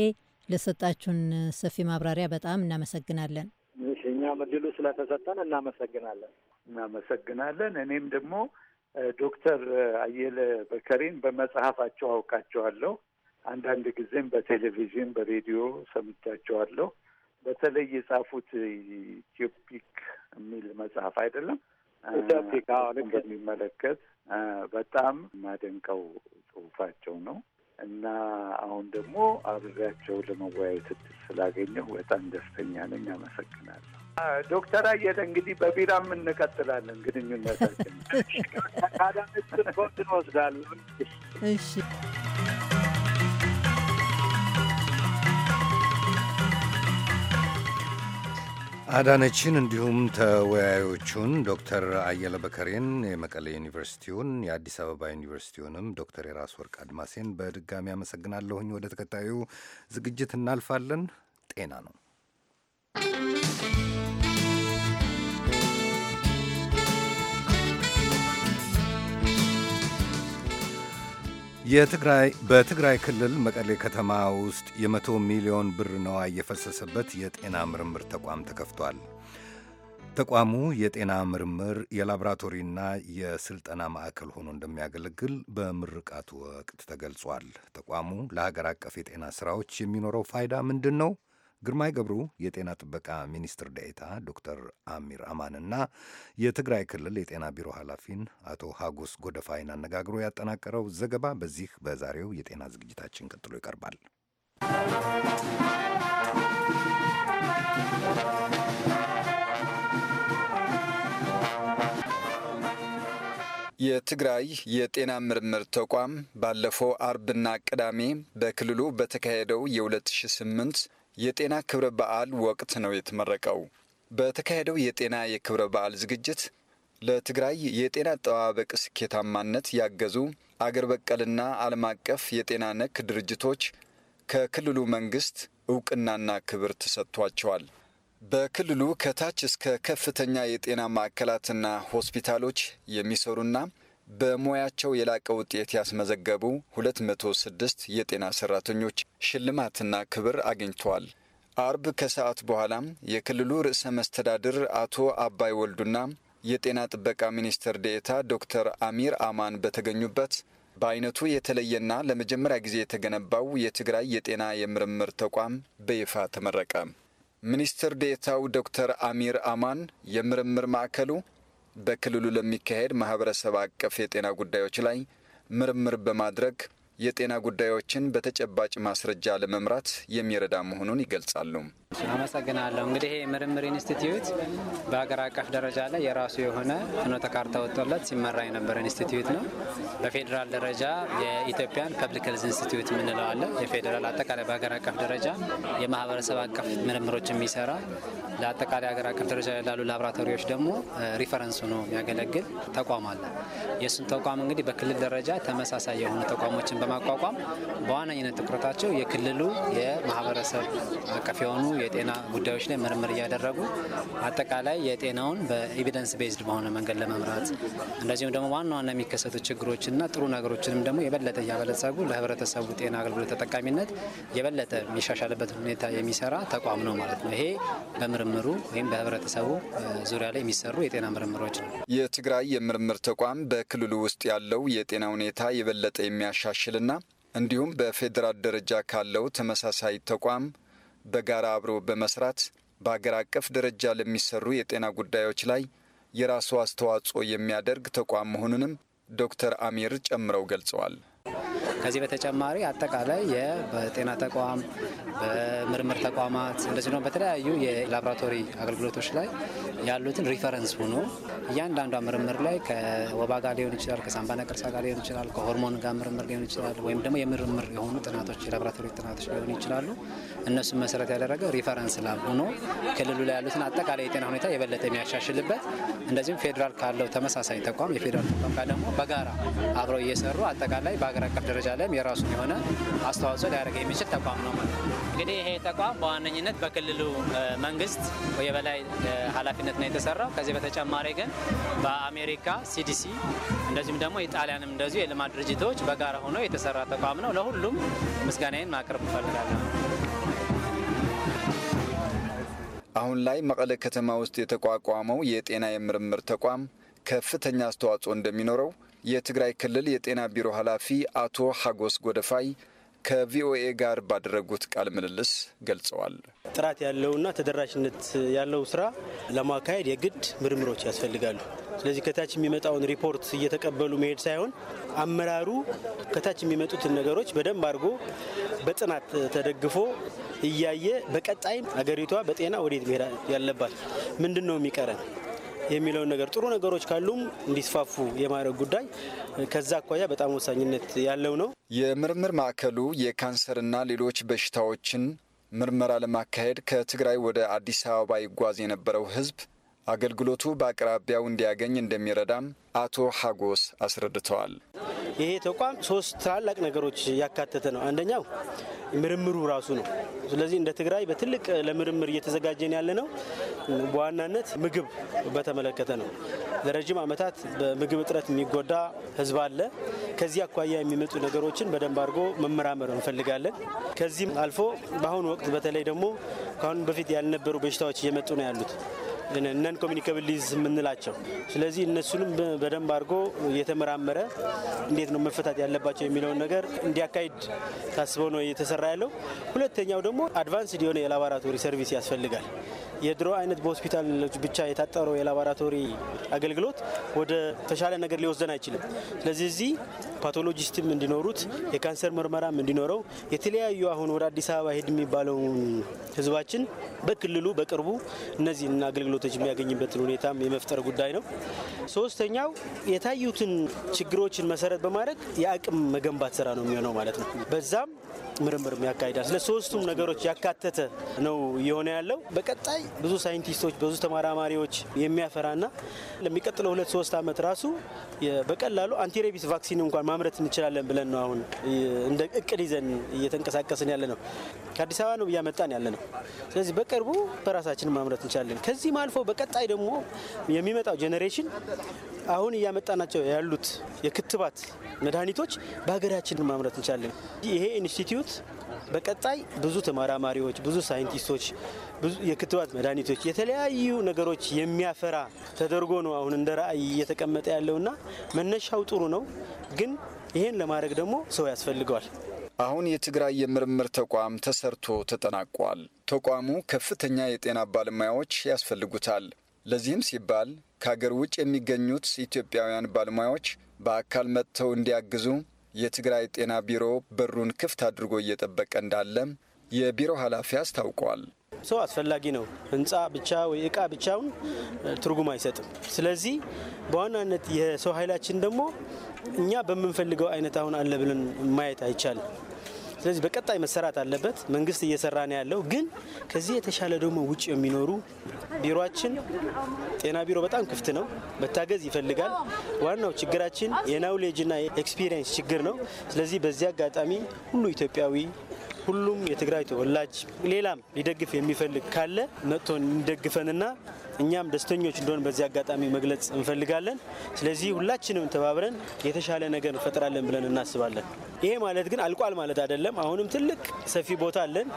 ለሰጣችሁን ሰፊ ማብራሪያ በጣም እናመሰግናለን። እሺ፣ እኛም እድሉ ስለተሰጠን እናመሰግናለን። እናመሰግናለን። እኔም ደግሞ ዶክተር አየለ በከሬን በመጽሐፋቸው አውቃቸዋለሁ። አንዳንድ ጊዜም በቴሌቪዥን በሬዲዮ ሰምቻቸዋለሁ። በተለይ የጻፉት ኢትዮፒክ የሚል መጽሐፍ አይደለም ኢትዮፒክ በሚመለከት በጣም የማደንቀው ጽሁፋቸው ነው እና አሁን ደግሞ አብሬያቸው ለመወያየት እድል ስላገኘሁ በጣም ደስተኛ ነኝ። አመሰግናለሁ። ዶክተር አየለ እንግዲህ በቢራም እንቀጥላለን ግንኙነታችን ካዳምትን ኮንድ እንወስዳለን። እሺ አዳነችን እንዲሁም ተወያዮቹን ዶክተር አየለ በከሬን የመቀሌ ዩኒቨርሲቲውን የአዲስ አበባ ዩኒቨርሲቲውንም ዶክተር የራስ ወርቅ አድማሴን በድጋሚ አመሰግናለሁኝ። ወደ ተከታዩ ዝግጅት እናልፋለን። ጤና ነው። የትግራይ በትግራይ ክልል መቀሌ ከተማ ውስጥ የመቶ ሚሊዮን ብር ነዋይ የፈሰሰበት የጤና ምርምር ተቋም ተከፍቷል። ተቋሙ የጤና ምርምር የላቦራቶሪና የስልጠና ማዕከል ሆኖ እንደሚያገለግል በምርቃቱ ወቅት ተገልጿል። ተቋሙ ለሀገር አቀፍ የጤና ስራዎች የሚኖረው ፋይዳ ምንድን ነው? ግርማይ ገብሩ የጤና ጥበቃ ሚኒስትር ደኤታ ዶክተር አሚር አማንና የትግራይ ክልል የጤና ቢሮ ኃላፊን አቶ ሀጎስ ጎደፋይን አነጋግሮ ያጠናቀረው ዘገባ በዚህ በዛሬው የጤና ዝግጅታችን ቀጥሎ ይቀርባል። የትግራይ የጤና ምርምር ተቋም ባለፈው አርብና ቅዳሜ በክልሉ በተካሄደው የ2008 የጤና ክብረ በዓል ወቅት ነው የተመረቀው። በተካሄደው የጤና የክብረ በዓል ዝግጅት ለትግራይ የጤና አጠባበቅ ስኬታማነት ያገዙ አገር በቀልና ዓለም አቀፍ የጤና ነክ ድርጅቶች ከክልሉ መንግስት እውቅናና ክብር ተሰጥቷቸዋል። በክልሉ ከታች እስከ ከፍተኛ የጤና ማዕከላትና ሆስፒታሎች የሚሰሩና በሙያቸው የላቀ ውጤት ያስመዘገቡ 206 የጤና ሰራተኞች ሽልማትና ክብር አግኝተዋል። አርብ ከሰዓት በኋላም የክልሉ ርዕሰ መስተዳድር አቶ አባይ ወልዱና የጤና ጥበቃ ሚኒስትር ዴኤታ ዶክተር አሚር አማን በተገኙበት በአይነቱ የተለየና ለመጀመሪያ ጊዜ የተገነባው የትግራይ የጤና የምርምር ተቋም በይፋ ተመረቀ። ሚኒስትር ዴኤታው ዶክተር አሚር አማን የምርምር ማዕከሉ በክልሉ ለሚካሄድ ማህበረሰብ አቀፍ የጤና ጉዳዮች ላይ ምርምር በማድረግ የጤና ጉዳዮችን በተጨባጭ ማስረጃ ለመምራት የሚረዳ መሆኑን ይገልጻሉ። አመሰግናለሁ። እንግዲህ ይሄ ምርምር ኢንስቲትዩት በሀገር አቀፍ ደረጃ ላይ የራሱ የሆነ ፍኖተ ካርታ ወጥቶለት ሲመራ የነበረ ኢንስቲትዩት ነው። በፌዴራል ደረጃ የኢትዮጵያን ፐብሊክ ሄልዝ ኢንስቲትዩት የምንለው አለ። የፌዴራል አጠቃላይ በሀገር አቀፍ ደረጃ የማህበረሰብ አቀፍ ምርምሮች የሚሰራ ለአጠቃላይ ሀገር አቀፍ ደረጃ ላሉ ላቦራቶሪዎች ደግሞ ሪፈረንስ ሆኖ የሚያገለግል ተቋም አለ። የእሱን ተቋም እንግዲህ በክልል ደረጃ ተመሳሳይ የሆኑ ተቋሞችን በማቋቋም በዋነኝነት ትኩረታቸው የክልሉ የማህበረሰብ አቀፍ የሆኑ የጤና ጉዳዮች ላይ ምርምር እያደረጉ አጠቃላይ የጤናውን በኤቪደንስ ቤዝድ በሆነ መንገድ ለመምራት እንደዚሁም ደግሞ ዋና ዋና የሚከሰቱ ችግሮችና ጥሩ ነገሮችንም ደግሞ የበለጠ እያበለጸጉ ለህብረተሰቡ ጤና አገልግሎት ተጠቃሚነት የበለጠ የሚሻሻልበት ሁኔታ የሚሰራ ተቋም ነው ማለት ነው። ይሄ በምርምሩ ወይም በህብረተሰቡ ዙሪያ ላይ የሚሰሩ የጤና ምርምሮች ነው። የትግራይ የምርምር ተቋም በክልሉ ውስጥ ያለው የጤና ሁኔታ የበለጠ የሚያሻሽልና እንዲሁም በፌዴራል ደረጃ ካለው ተመሳሳይ ተቋም በጋራ አብሮ በመስራት በሀገር አቀፍ ደረጃ ለሚሰሩ የጤና ጉዳዮች ላይ የራሱ አስተዋጽኦ የሚያደርግ ተቋም መሆኑንም ዶክተር አሚር ጨምረው ገልጸዋል። ከዚህ በተጨማሪ አጠቃላይ በጤና ተቋም፣ በምርምር ተቋማት እንደዚህ ነው በተለያዩ የላቦራቶሪ አገልግሎቶች ላይ ያሉትን ሪፈረንስ ሆኖ እያንዳንዷ ምርምር ላይ ከወባ ጋር ሊሆን ይችላል፣ ከሳምባ ነቀርሳ ጋር ሊሆን ይችላል፣ ከሆርሞን ጋር ምርምር ሊሆን ይችላል፣ ወይም ደግሞ የምርምር የሆኑ ጥናቶች የላቦራቶሪ ጥናቶች ሊሆኑ ይችላሉ። እነሱን መሰረት ያደረገ ሪፈረንስ ላብ ሆኖ ክልሉ ላይ ያሉትን አጠቃላይ የጤና ሁኔታ የበለጠ የሚያሻሽልበት እንደዚሁም ፌዴራል ካለው ተመሳሳይ ተቋም የፌዴራል ተቋም ጋር ደግሞ በጋራ አብረው እየሰሩ አጠቃላይ በሀገር አቀፍ ደረጃ ለዘላለም የራሱን የሆነ አስተዋጽኦ ሊያደርግ የሚችል ተቋም ነው ማለት እንግዲህ ይሄ ተቋም በዋነኝነት በክልሉ መንግስት የበላይ ኃላፊነት ነው የተሰራው። ከዚህ በተጨማሪ ግን በአሜሪካ ሲዲሲ እንደዚሁም ደግሞ ኢጣሊያንም እንደዚሁ የልማት ድርጅቶች በጋራ ሆኖ የተሰራ ተቋም ነው። ለሁሉም ምስጋናዬን ማቅረብ እፈልጋለሁ። አሁን ላይ መቀለ ከተማ ውስጥ የተቋቋመው የጤና የምርምር ተቋም ከፍተኛ አስተዋጽኦ እንደሚኖረው የትግራይ ክልል የጤና ቢሮ ኃላፊ አቶ ሐጎስ ጎደፋይ ከቪኦኤ ጋር ባደረጉት ቃለ ምልልስ ገልጸዋል። ጥራት ያለውና ተደራሽነት ያለው ስራ ለማካሄድ የግድ ምርምሮች ያስፈልጋሉ። ስለዚህ ከታች የሚመጣውን ሪፖርት እየተቀበሉ መሄድ ሳይሆን አመራሩ ከታች የሚመጡትን ነገሮች በደንብ አድርጎ በጥናት ተደግፎ እያየ በቀጣይም አገሪቷ በጤና ወዴት መሄድ ያለባት ምንድን ነው የሚቀረን የሚለውን ነገር ጥሩ ነገሮች ካሉም እንዲስፋፉ የማድረግ ጉዳይ ከዛ አኳያ በጣም ወሳኝነት ያለው ነው። የምርምር ማዕከሉ የካንሰርና ሌሎች በሽታዎችን ምርመራ ለማካሄድ ከትግራይ ወደ አዲስ አበባ ይጓዝ የነበረው ህዝብ። አገልግሎቱ በአቅራቢያው እንዲያገኝ እንደሚረዳም አቶ ሀጎስ አስረድተዋል። ይሄ ተቋም ሶስት ትላላቅ ነገሮች ያካተተ ነው። አንደኛው ምርምሩ ራሱ ነው። ስለዚህ እንደ ትግራይ በትልቅ ለምርምር እየተዘጋጀን ያለ ነው። በዋናነት ምግብ በተመለከተ ነው። ለረጅም ዓመታት በምግብ እጥረት የሚጎዳ ህዝብ አለ። ከዚህ አኳያ የሚመጡ ነገሮችን በደንብ አድርጎ መመራመር እንፈልጋለን። ከዚህም አልፎ በአሁኑ ወቅት በተለይ ደግሞ ከአሁን በፊት ያልነበሩ በሽታዎች እየመጡ ነው ያሉት ነን ኮሚኒካብል ዲዚዝ የምንላቸው። ስለዚህ እነሱንም በደንብ አድርጎ እየተመራመረ እንዴት ነው መፈታት ያለባቸው የሚለውን ነገር እንዲያካሂድ ታስቦ ነው እየተሰራ ያለው። ሁለተኛው ደግሞ አድቫንስድ የሆነ የላቦራቶሪ ሰርቪስ ያስፈልጋል። የድሮ አይነት በሆስፒታሎች ብቻ የታጠረው የላቦራቶሪ አገልግሎት ወደ ተሻለ ነገር ሊወስደን አይችልም። ስለዚህ እዚህ ፓቶሎጂስትም እንዲኖሩት የካንሰር ምርመራም እንዲኖረው የተለያዩ አሁን ወደ አዲስ አበባ ሄድ የሚባለው ህዝባችን በክልሉ በቅርቡ እነዚህን አገልግሎቶች የሚያገኝበትን ሁኔታም የመፍጠር ጉዳይ ነው። ሶስተኛው የታዩትን ችግሮችን መሰረት በማድረግ የአቅም መገንባት ስራ ነው የሚሆነው ማለት ነው። በዛም ምርምር ያካሂዳል። ስለ ሶስቱም ነገሮች ያካተተ ነው እየሆነ ያለው። በቀጣይ ብዙ ሳይንቲስቶች፣ ብዙ ተመራማሪዎች የሚያፈራና ለሚቀጥለው ሁለት ሶስት ዓመት ራሱ በቀላሉ አንቲሬቢስ ቫክሲን እንኳን ማምረት እንችላለን ብለን ነው አሁን እንደ እቅድ ይዘን እየተንቀሳቀስን ያለ ነው። ከአዲስ አበባ ነው እያመጣን ያለ ነው። ስለዚህ በቅርቡ በራሳችን ማምረት እንችላለን። ከዚህም አልፎ በቀጣይ ደግሞ የሚመጣው ጄኔሬሽን አሁን እያመጣናቸው ያሉት የክትባት መድኃኒቶች በሀገራችን ማምረት እንችላለን። ይሄ ኢንስቲትዩት በቀጣይ ብዙ ተመራማሪዎች፣ ብዙ ሳይንቲስቶች፣ ብዙ የክትባት መድኃኒቶች፣ የተለያዩ ነገሮች የሚያፈራ ተደርጎ ነው አሁን እንደ ራዕይ እየተቀመጠ ያለውና መነሻው ጥሩ ነው፣ ግን ይህን ለማድረግ ደግሞ ሰው ያስፈልገዋል። አሁን የትግራይ የምርምር ተቋም ተሰርቶ ተጠናቋል። ተቋሙ ከፍተኛ የጤና ባለሙያዎች ያስፈልጉታል። ለዚህም ሲባል ከሀገር ውጭ የሚገኙት ኢትዮጵያውያን ባለሙያዎች በአካል መጥተው እንዲያግዙ የትግራይ ጤና ቢሮ በሩን ክፍት አድርጎ እየጠበቀ እንዳለም የቢሮ ኃላፊ አስታውቋል። ሰው አስፈላጊ ነው። ህንፃ ብቻ ወይ እቃ ብቻውን ትርጉም አይሰጥም። ስለዚህ በዋናነት የሰው ኃይላችን ደግሞ እኛ በምንፈልገው አይነት አሁን አለ ብለን ማየት አይቻልም። ስለዚህ በቀጣይ መሰራት አለበት። መንግስት እየሰራ ነው ያለው። ግን ከዚህ የተሻለ ደግሞ ውጭ የሚኖሩ ቢሮችን ጤና ቢሮ በጣም ክፍት ነው፣ መታገዝ ይፈልጋል። ዋናው ችግራችን የናውሌጅና ኤክስፒሪየንስ ችግር ነው። ስለዚህ በዚህ አጋጣሚ ሁሉ ኢትዮጵያዊ ሁሉም የትግራይ ተወላጅ ሌላም ሊደግፍ የሚፈልግ ካለ መጥቶ እንደግፈንና እኛም ደስተኞች እንደሆን በዚህ አጋጣሚ መግለጽ እንፈልጋለን። ስለዚህ ሁላችንም ተባብረን የተሻለ ነገር እንፈጥራለን ብለን እናስባለን። ይሄ ማለት ግን አልቋል ማለት አይደለም። አሁንም ትልቅ ሰፊ ቦታ አለን።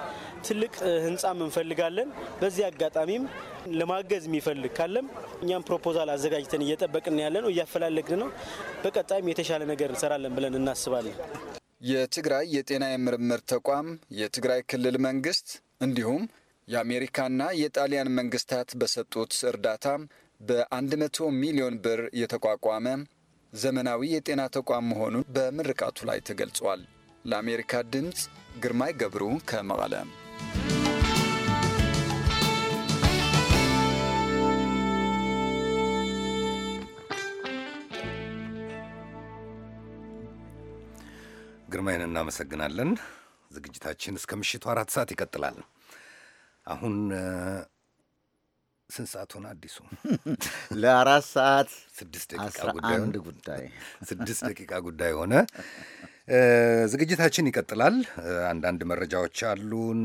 ትልቅ ህንጻም እንፈልጋለን። በዚህ አጋጣሚም ለማገዝ የሚፈልግ ካለም እኛም ፕሮፖዛል አዘጋጅተን እየጠበቅን ያለ ነው፣ እያፈላለግን ነው። በቀጣይም የተሻለ ነገር እንሰራለን ብለን እናስባለን። የትግራይ የጤና የምርምር ተቋም፣ የትግራይ ክልል መንግስት እንዲሁም የአሜሪካና የጣሊያን መንግስታት በሰጡት እርዳታ በ100 ሚሊዮን ብር የተቋቋመ ዘመናዊ የጤና ተቋም መሆኑን በምርቃቱ ላይ ተገልጿል። ለአሜሪካ ድምፅ ግርማይ ገብሩ ከመቐለ። ግርማይን እናመሰግናለን። ዝግጅታችን እስከ ምሽቱ አራት ሰዓት ይቀጥላል። አሁን ስንት ሰዓት ሆነ? አዲሱ [laughs] ለአራት ሰዓት ስድስት ደቂቃ ጉዳይ [laughs] ስድስት ደቂቃ ጉዳይ ሆነ። ዝግጅታችን ይቀጥላል። አንዳንድ መረጃዎች አሉን፣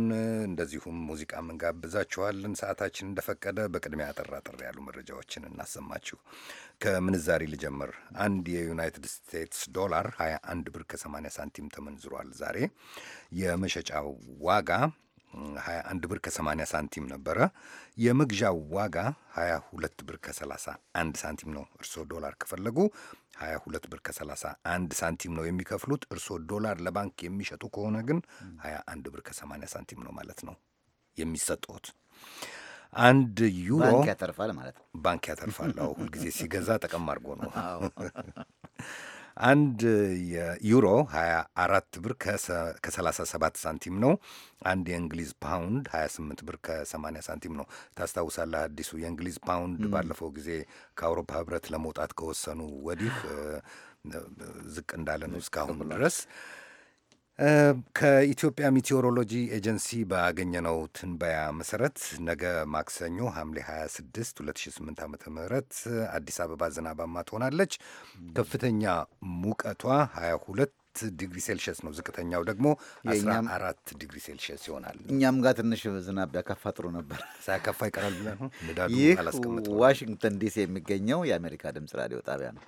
እንደዚሁም ሙዚቃ እንጋብዛችኋለን ሰዓታችን እንደፈቀደ። በቅድሚያ አጠር አጠር ያሉ መረጃዎችን እናሰማችሁ። ከምንዛሪ ልጀምር። አንድ የዩናይትድ ስቴትስ ዶላር 21 ብር ከ80 ሳንቲም ተመንዝሯል። ዛሬ የመሸጫ ዋጋ 21 ብር ከ80 ሳንቲም ነበረ። የመግዣው ዋጋ 22 ብር ከ31 ሳንቲም ነው። እርሶ ዶላር ከፈለጉ 22 ብር ከ31 ሳንቲም ነው የሚከፍሉት። እርሶ ዶላር ለባንክ የሚሸጡ ከሆነ ግን 21 ብር ከ80 ሳንቲም ነው ማለት ነው የሚሰጡት። አንድ ዩሮ ባንክ ያተርፋል ማለት ነው። ባንክ ያተርፋል። ሁልጊዜ ሲገዛ ጠቀም አድርጎ ነው። አንድ የዩሮ 24 ብር ከ37 ሳንቲም ነው። አንድ የእንግሊዝ ፓውንድ 28 ብር ከ80 ሳንቲም ነው። ታስታውሳለህ አዲሱ የእንግሊዝ ፓውንድ ባለፈው ጊዜ ከአውሮፓ ህብረት ለመውጣት ከወሰኑ ወዲህ ዝቅ እንዳለ ነው እስካሁን ድረስ ከኢትዮጵያ ሚቴዎሮሎጂ ኤጀንሲ ባገኘነው ትንበያ መሰረት ነገ ማክሰኞ ሐምሌ 26 2008 ዓ ም አዲስ አበባ ዝናባማ ትሆናለች። ከፍተኛ ሙቀቷ 22 ዲግሪ ሴልሽስ ነው። ዝቅተኛው ደግሞ 14 ዲግሪ ሴልሽስ ይሆናል። እኛም ጋር ትንሽ ዝናብ ያካፋ ጥሩ ነበር። ሳያካፋ ይቀራል ብለን ንዳዱ አላስቀምጥ። ዋሽንግተን ዲሲ የሚገኘው የአሜሪካ ድምፅ ራዲዮ ጣቢያ ነው።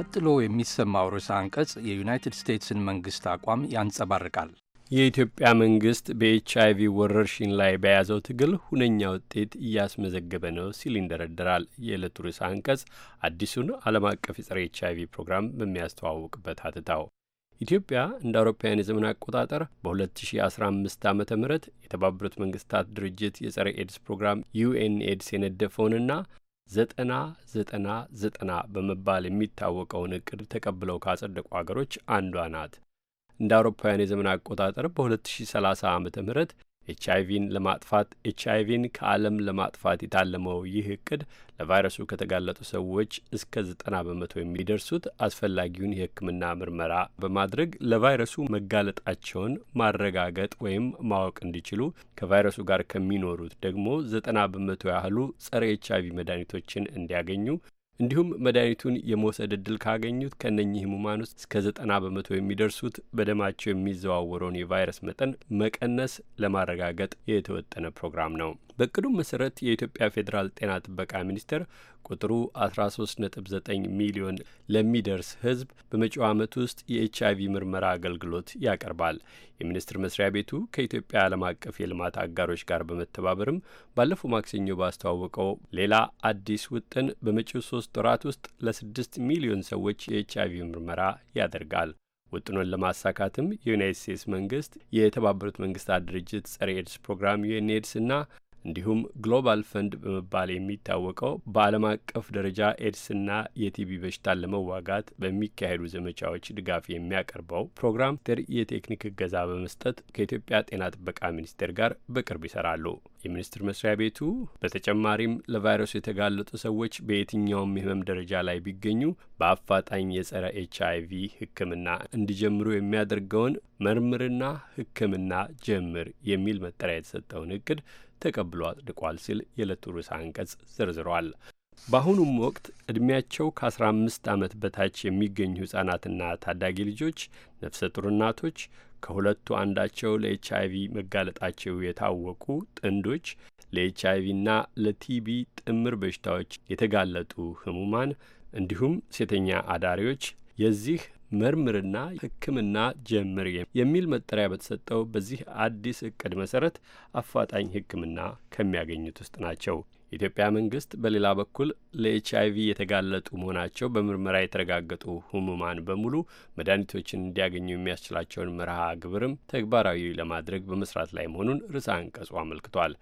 ቀጥሎ የሚሰማው ርዕሰ አንቀጽ የዩናይትድ ስቴትስን መንግስት አቋም ያንጸባርቃል። የኢትዮጵያ መንግስት በኤች አይቪ ወረርሽኝ ላይ በያዘው ትግል ሁነኛ ውጤት እያስመዘገበ ነው ሲል ይንደረደራል የዕለቱ ርዕሰ አንቀጽ አዲሱን ዓለም አቀፍ የጸረ ኤች አይቪ ፕሮግራም በሚያስተዋውቅበት አትታው። ኢትዮጵያ እንደ አውሮፓውያን የዘመን አቆጣጠር በ2015 ዓ ም የተባበሩት መንግስታት ድርጅት የጸረ ኤድስ ፕሮግራም ዩኤን ኤድስ የነደፈውንና ዘጠና ዘጠና ዘጠና በመባል የሚታወቀውን እቅድ ተቀብለው ካጸደቁ አገሮች አንዷ ናት። እንደ አውሮፓውያን የዘመን አቆጣጠር በ2030 ዓ ም ኤች አይቪን ለማጥፋት ኤች አይቪን ከዓለም ለማጥፋት የታለመው ይህ እቅድ ለቫይረሱ ከተጋለጡ ሰዎች እስከ ዘጠና በመቶ የሚደርሱት አስፈላጊውን የሕክምና ምርመራ በማድረግ ለቫይረሱ መጋለጣቸውን ማረጋገጥ ወይም ማወቅ እንዲችሉ፣ ከቫይረሱ ጋር ከሚኖሩት ደግሞ ዘጠና በመቶ ያህሉ ጸረ ኤች አይቪ መድኃኒቶችን እንዲያገኙ እንዲሁም መድኃኒቱን የመውሰድ እድል ካገኙት ከእነኚህ ህሙማን ውስጥ እስከ ዘጠና በመቶ የሚደርሱት በደማቸው የሚዘዋወረውን የቫይረስ መጠን መቀነስ ለማረጋገጥ የተወጠነ ፕሮግራም ነው። በእቅዱም መሰረት የኢትዮጵያ ፌዴራል ጤና ጥበቃ ሚኒስቴር ቁጥሩ 13.9 ሚሊዮን ለሚደርስ ሕዝብ በመጪው ዓመት ውስጥ የኤች አይቪ ምርመራ አገልግሎት ያቀርባል። የሚኒስቴር መስሪያ ቤቱ ከኢትዮጵያ ዓለም አቀፍ የልማት አጋሮች ጋር በመተባበርም ባለፈው ማክሰኞ ባስተዋወቀው ሌላ አዲስ ውጥን በመጪው ሶስት ወራት ውስጥ ለስድስት ሚሊዮን ሰዎች የኤች አይቪ ምርመራ ያደርጋል። ውጥኑን ለማሳካትም የዩናይት ስቴትስ መንግስት፣ የተባበሩት መንግስታት ድርጅት ጸረ ኤድስ ፕሮግራም ዩኤንኤድስ እና እንዲሁም ግሎባል ፈንድ በመባል የሚታወቀው በዓለም አቀፍ ደረጃ ኤድስና የቲቢ በሽታን ለመዋጋት በሚካሄዱ ዘመቻዎች ድጋፍ የሚያቀርበው ፕሮግራም የቴክኒክ እገዛ በመስጠት ከኢትዮጵያ ጤና ጥበቃ ሚኒስቴር ጋር በቅርብ ይሰራሉ። የሚኒስትር መስሪያ ቤቱ በተጨማሪም ለቫይረሱ የተጋለጡ ሰዎች በየትኛውም የህመም ደረጃ ላይ ቢገኙ በአፋጣኝ የጸረ ኤች ቪ ሕክምና እንዲጀምሩ የሚያደርገውን መርምርና ሕክምና ጀምር የሚል መጠሪያ የተሰጠውን እቅድ ተቀብሎ አጽድቋል ሲል የዕለቱ ርዕሰ አንቀጽ ዘርዝሯል። በአሁኑም ወቅት ዕድሜያቸው ከ15 ዓመት በታች የሚገኙ ሕፃናትና ታዳጊ ልጆች፣ ነፍሰ ጡር እናቶች፣ ከሁለቱ አንዳቸው ለኤች አይቪ መጋለጣቸው የታወቁ ጥንዶች፣ ለኤች አይቪና ለቲቢ ጥምር በሽታዎች የተጋለጡ ህሙማን እንዲሁም ሴተኛ አዳሪዎች የዚህ ምርምርና ሕክምና ጀምር የሚል መጠሪያ በተሰጠው በዚህ አዲስ እቅድ መሰረት አፋጣኝ ሕክምና ከሚያገኙት ውስጥ ናቸው። የኢትዮጵያ መንግስት በሌላ በኩል ለኤች አይቪ የተጋለጡ መሆናቸው በምርመራ የተረጋገጡ ህሙማን በሙሉ መድኃኒቶችን እንዲያገኙ የሚያስችላቸውን መርሃ ግብርም ተግባራዊ ለማድረግ በመስራት ላይ መሆኑን ርዕሰ አንቀጹ አመልክቷል።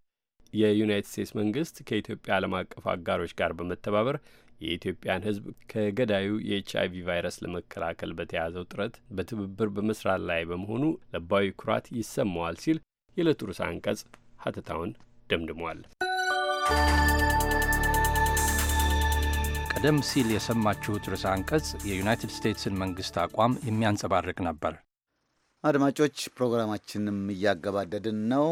የዩናይትድ ስቴትስ መንግስት ከኢትዮጵያ ዓለም አቀፍ አጋሮች ጋር በመተባበር የኢትዮጵያን ሕዝብ ከገዳዩ የኤች አይቪ ቫይረስ ለመከላከል በተያዘው ጥረት በትብብር በመስራት ላይ በመሆኑ ልባዊ ኩራት ይሰማዋል ሲል የዕለቱ ርዕሰ አንቀጽ ሀተታውን ደምድሟል። ቀደም ሲል የሰማችሁት ርዕሰ አንቀጽ የዩናይትድ ስቴትስን መንግሥት አቋም የሚያንጸባርቅ ነበር። አድማጮች ፕሮግራማችንም እያገባደድን ነው።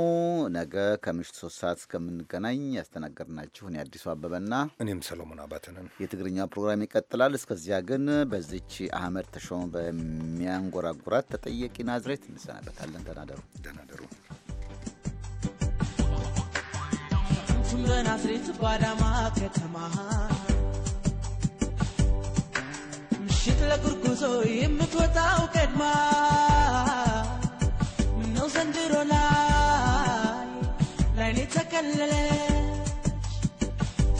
ነገ ከምሽት ሶስት ሰዓት እስከምንገናኝ ያስተናገድናችሁ እኔ አዲሱ አበበና እኔም ሰሎሞን አባተንን። የትግርኛ ፕሮግራም ይቀጥላል። እስከዚያ ግን በዚች አህመድ ተሾመ በሚያንጎራጉራት ተጠየቂ ናዝሬት እንሰናበታለን። ተናደሩ ተናደሩ በናዝሬት ባዳማ ከተማ ምሽት ለጉርጉዞ የምትወጣው ቀድማ ምነው ዘንድሮ ላይ ላይኔ ተከለለች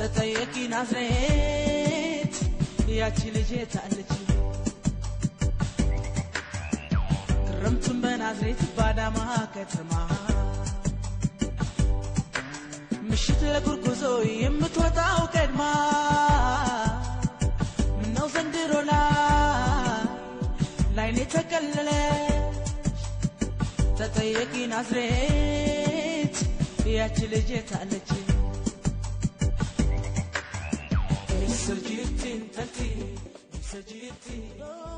ተጠየቂ ናዝሬት ያቺ ልጄ ታለች ክረምቱን በናዝሬት ባዳማ ከተማ ምሽት ለጉርጉዞ የምትወጣው ቀድማ ሾላ ላይኔ ተቀለለ ተጠየቂ ናዝሬት ያቺ ልጅ ታለች ሰጂቲ ተንቲ ሰጂቲ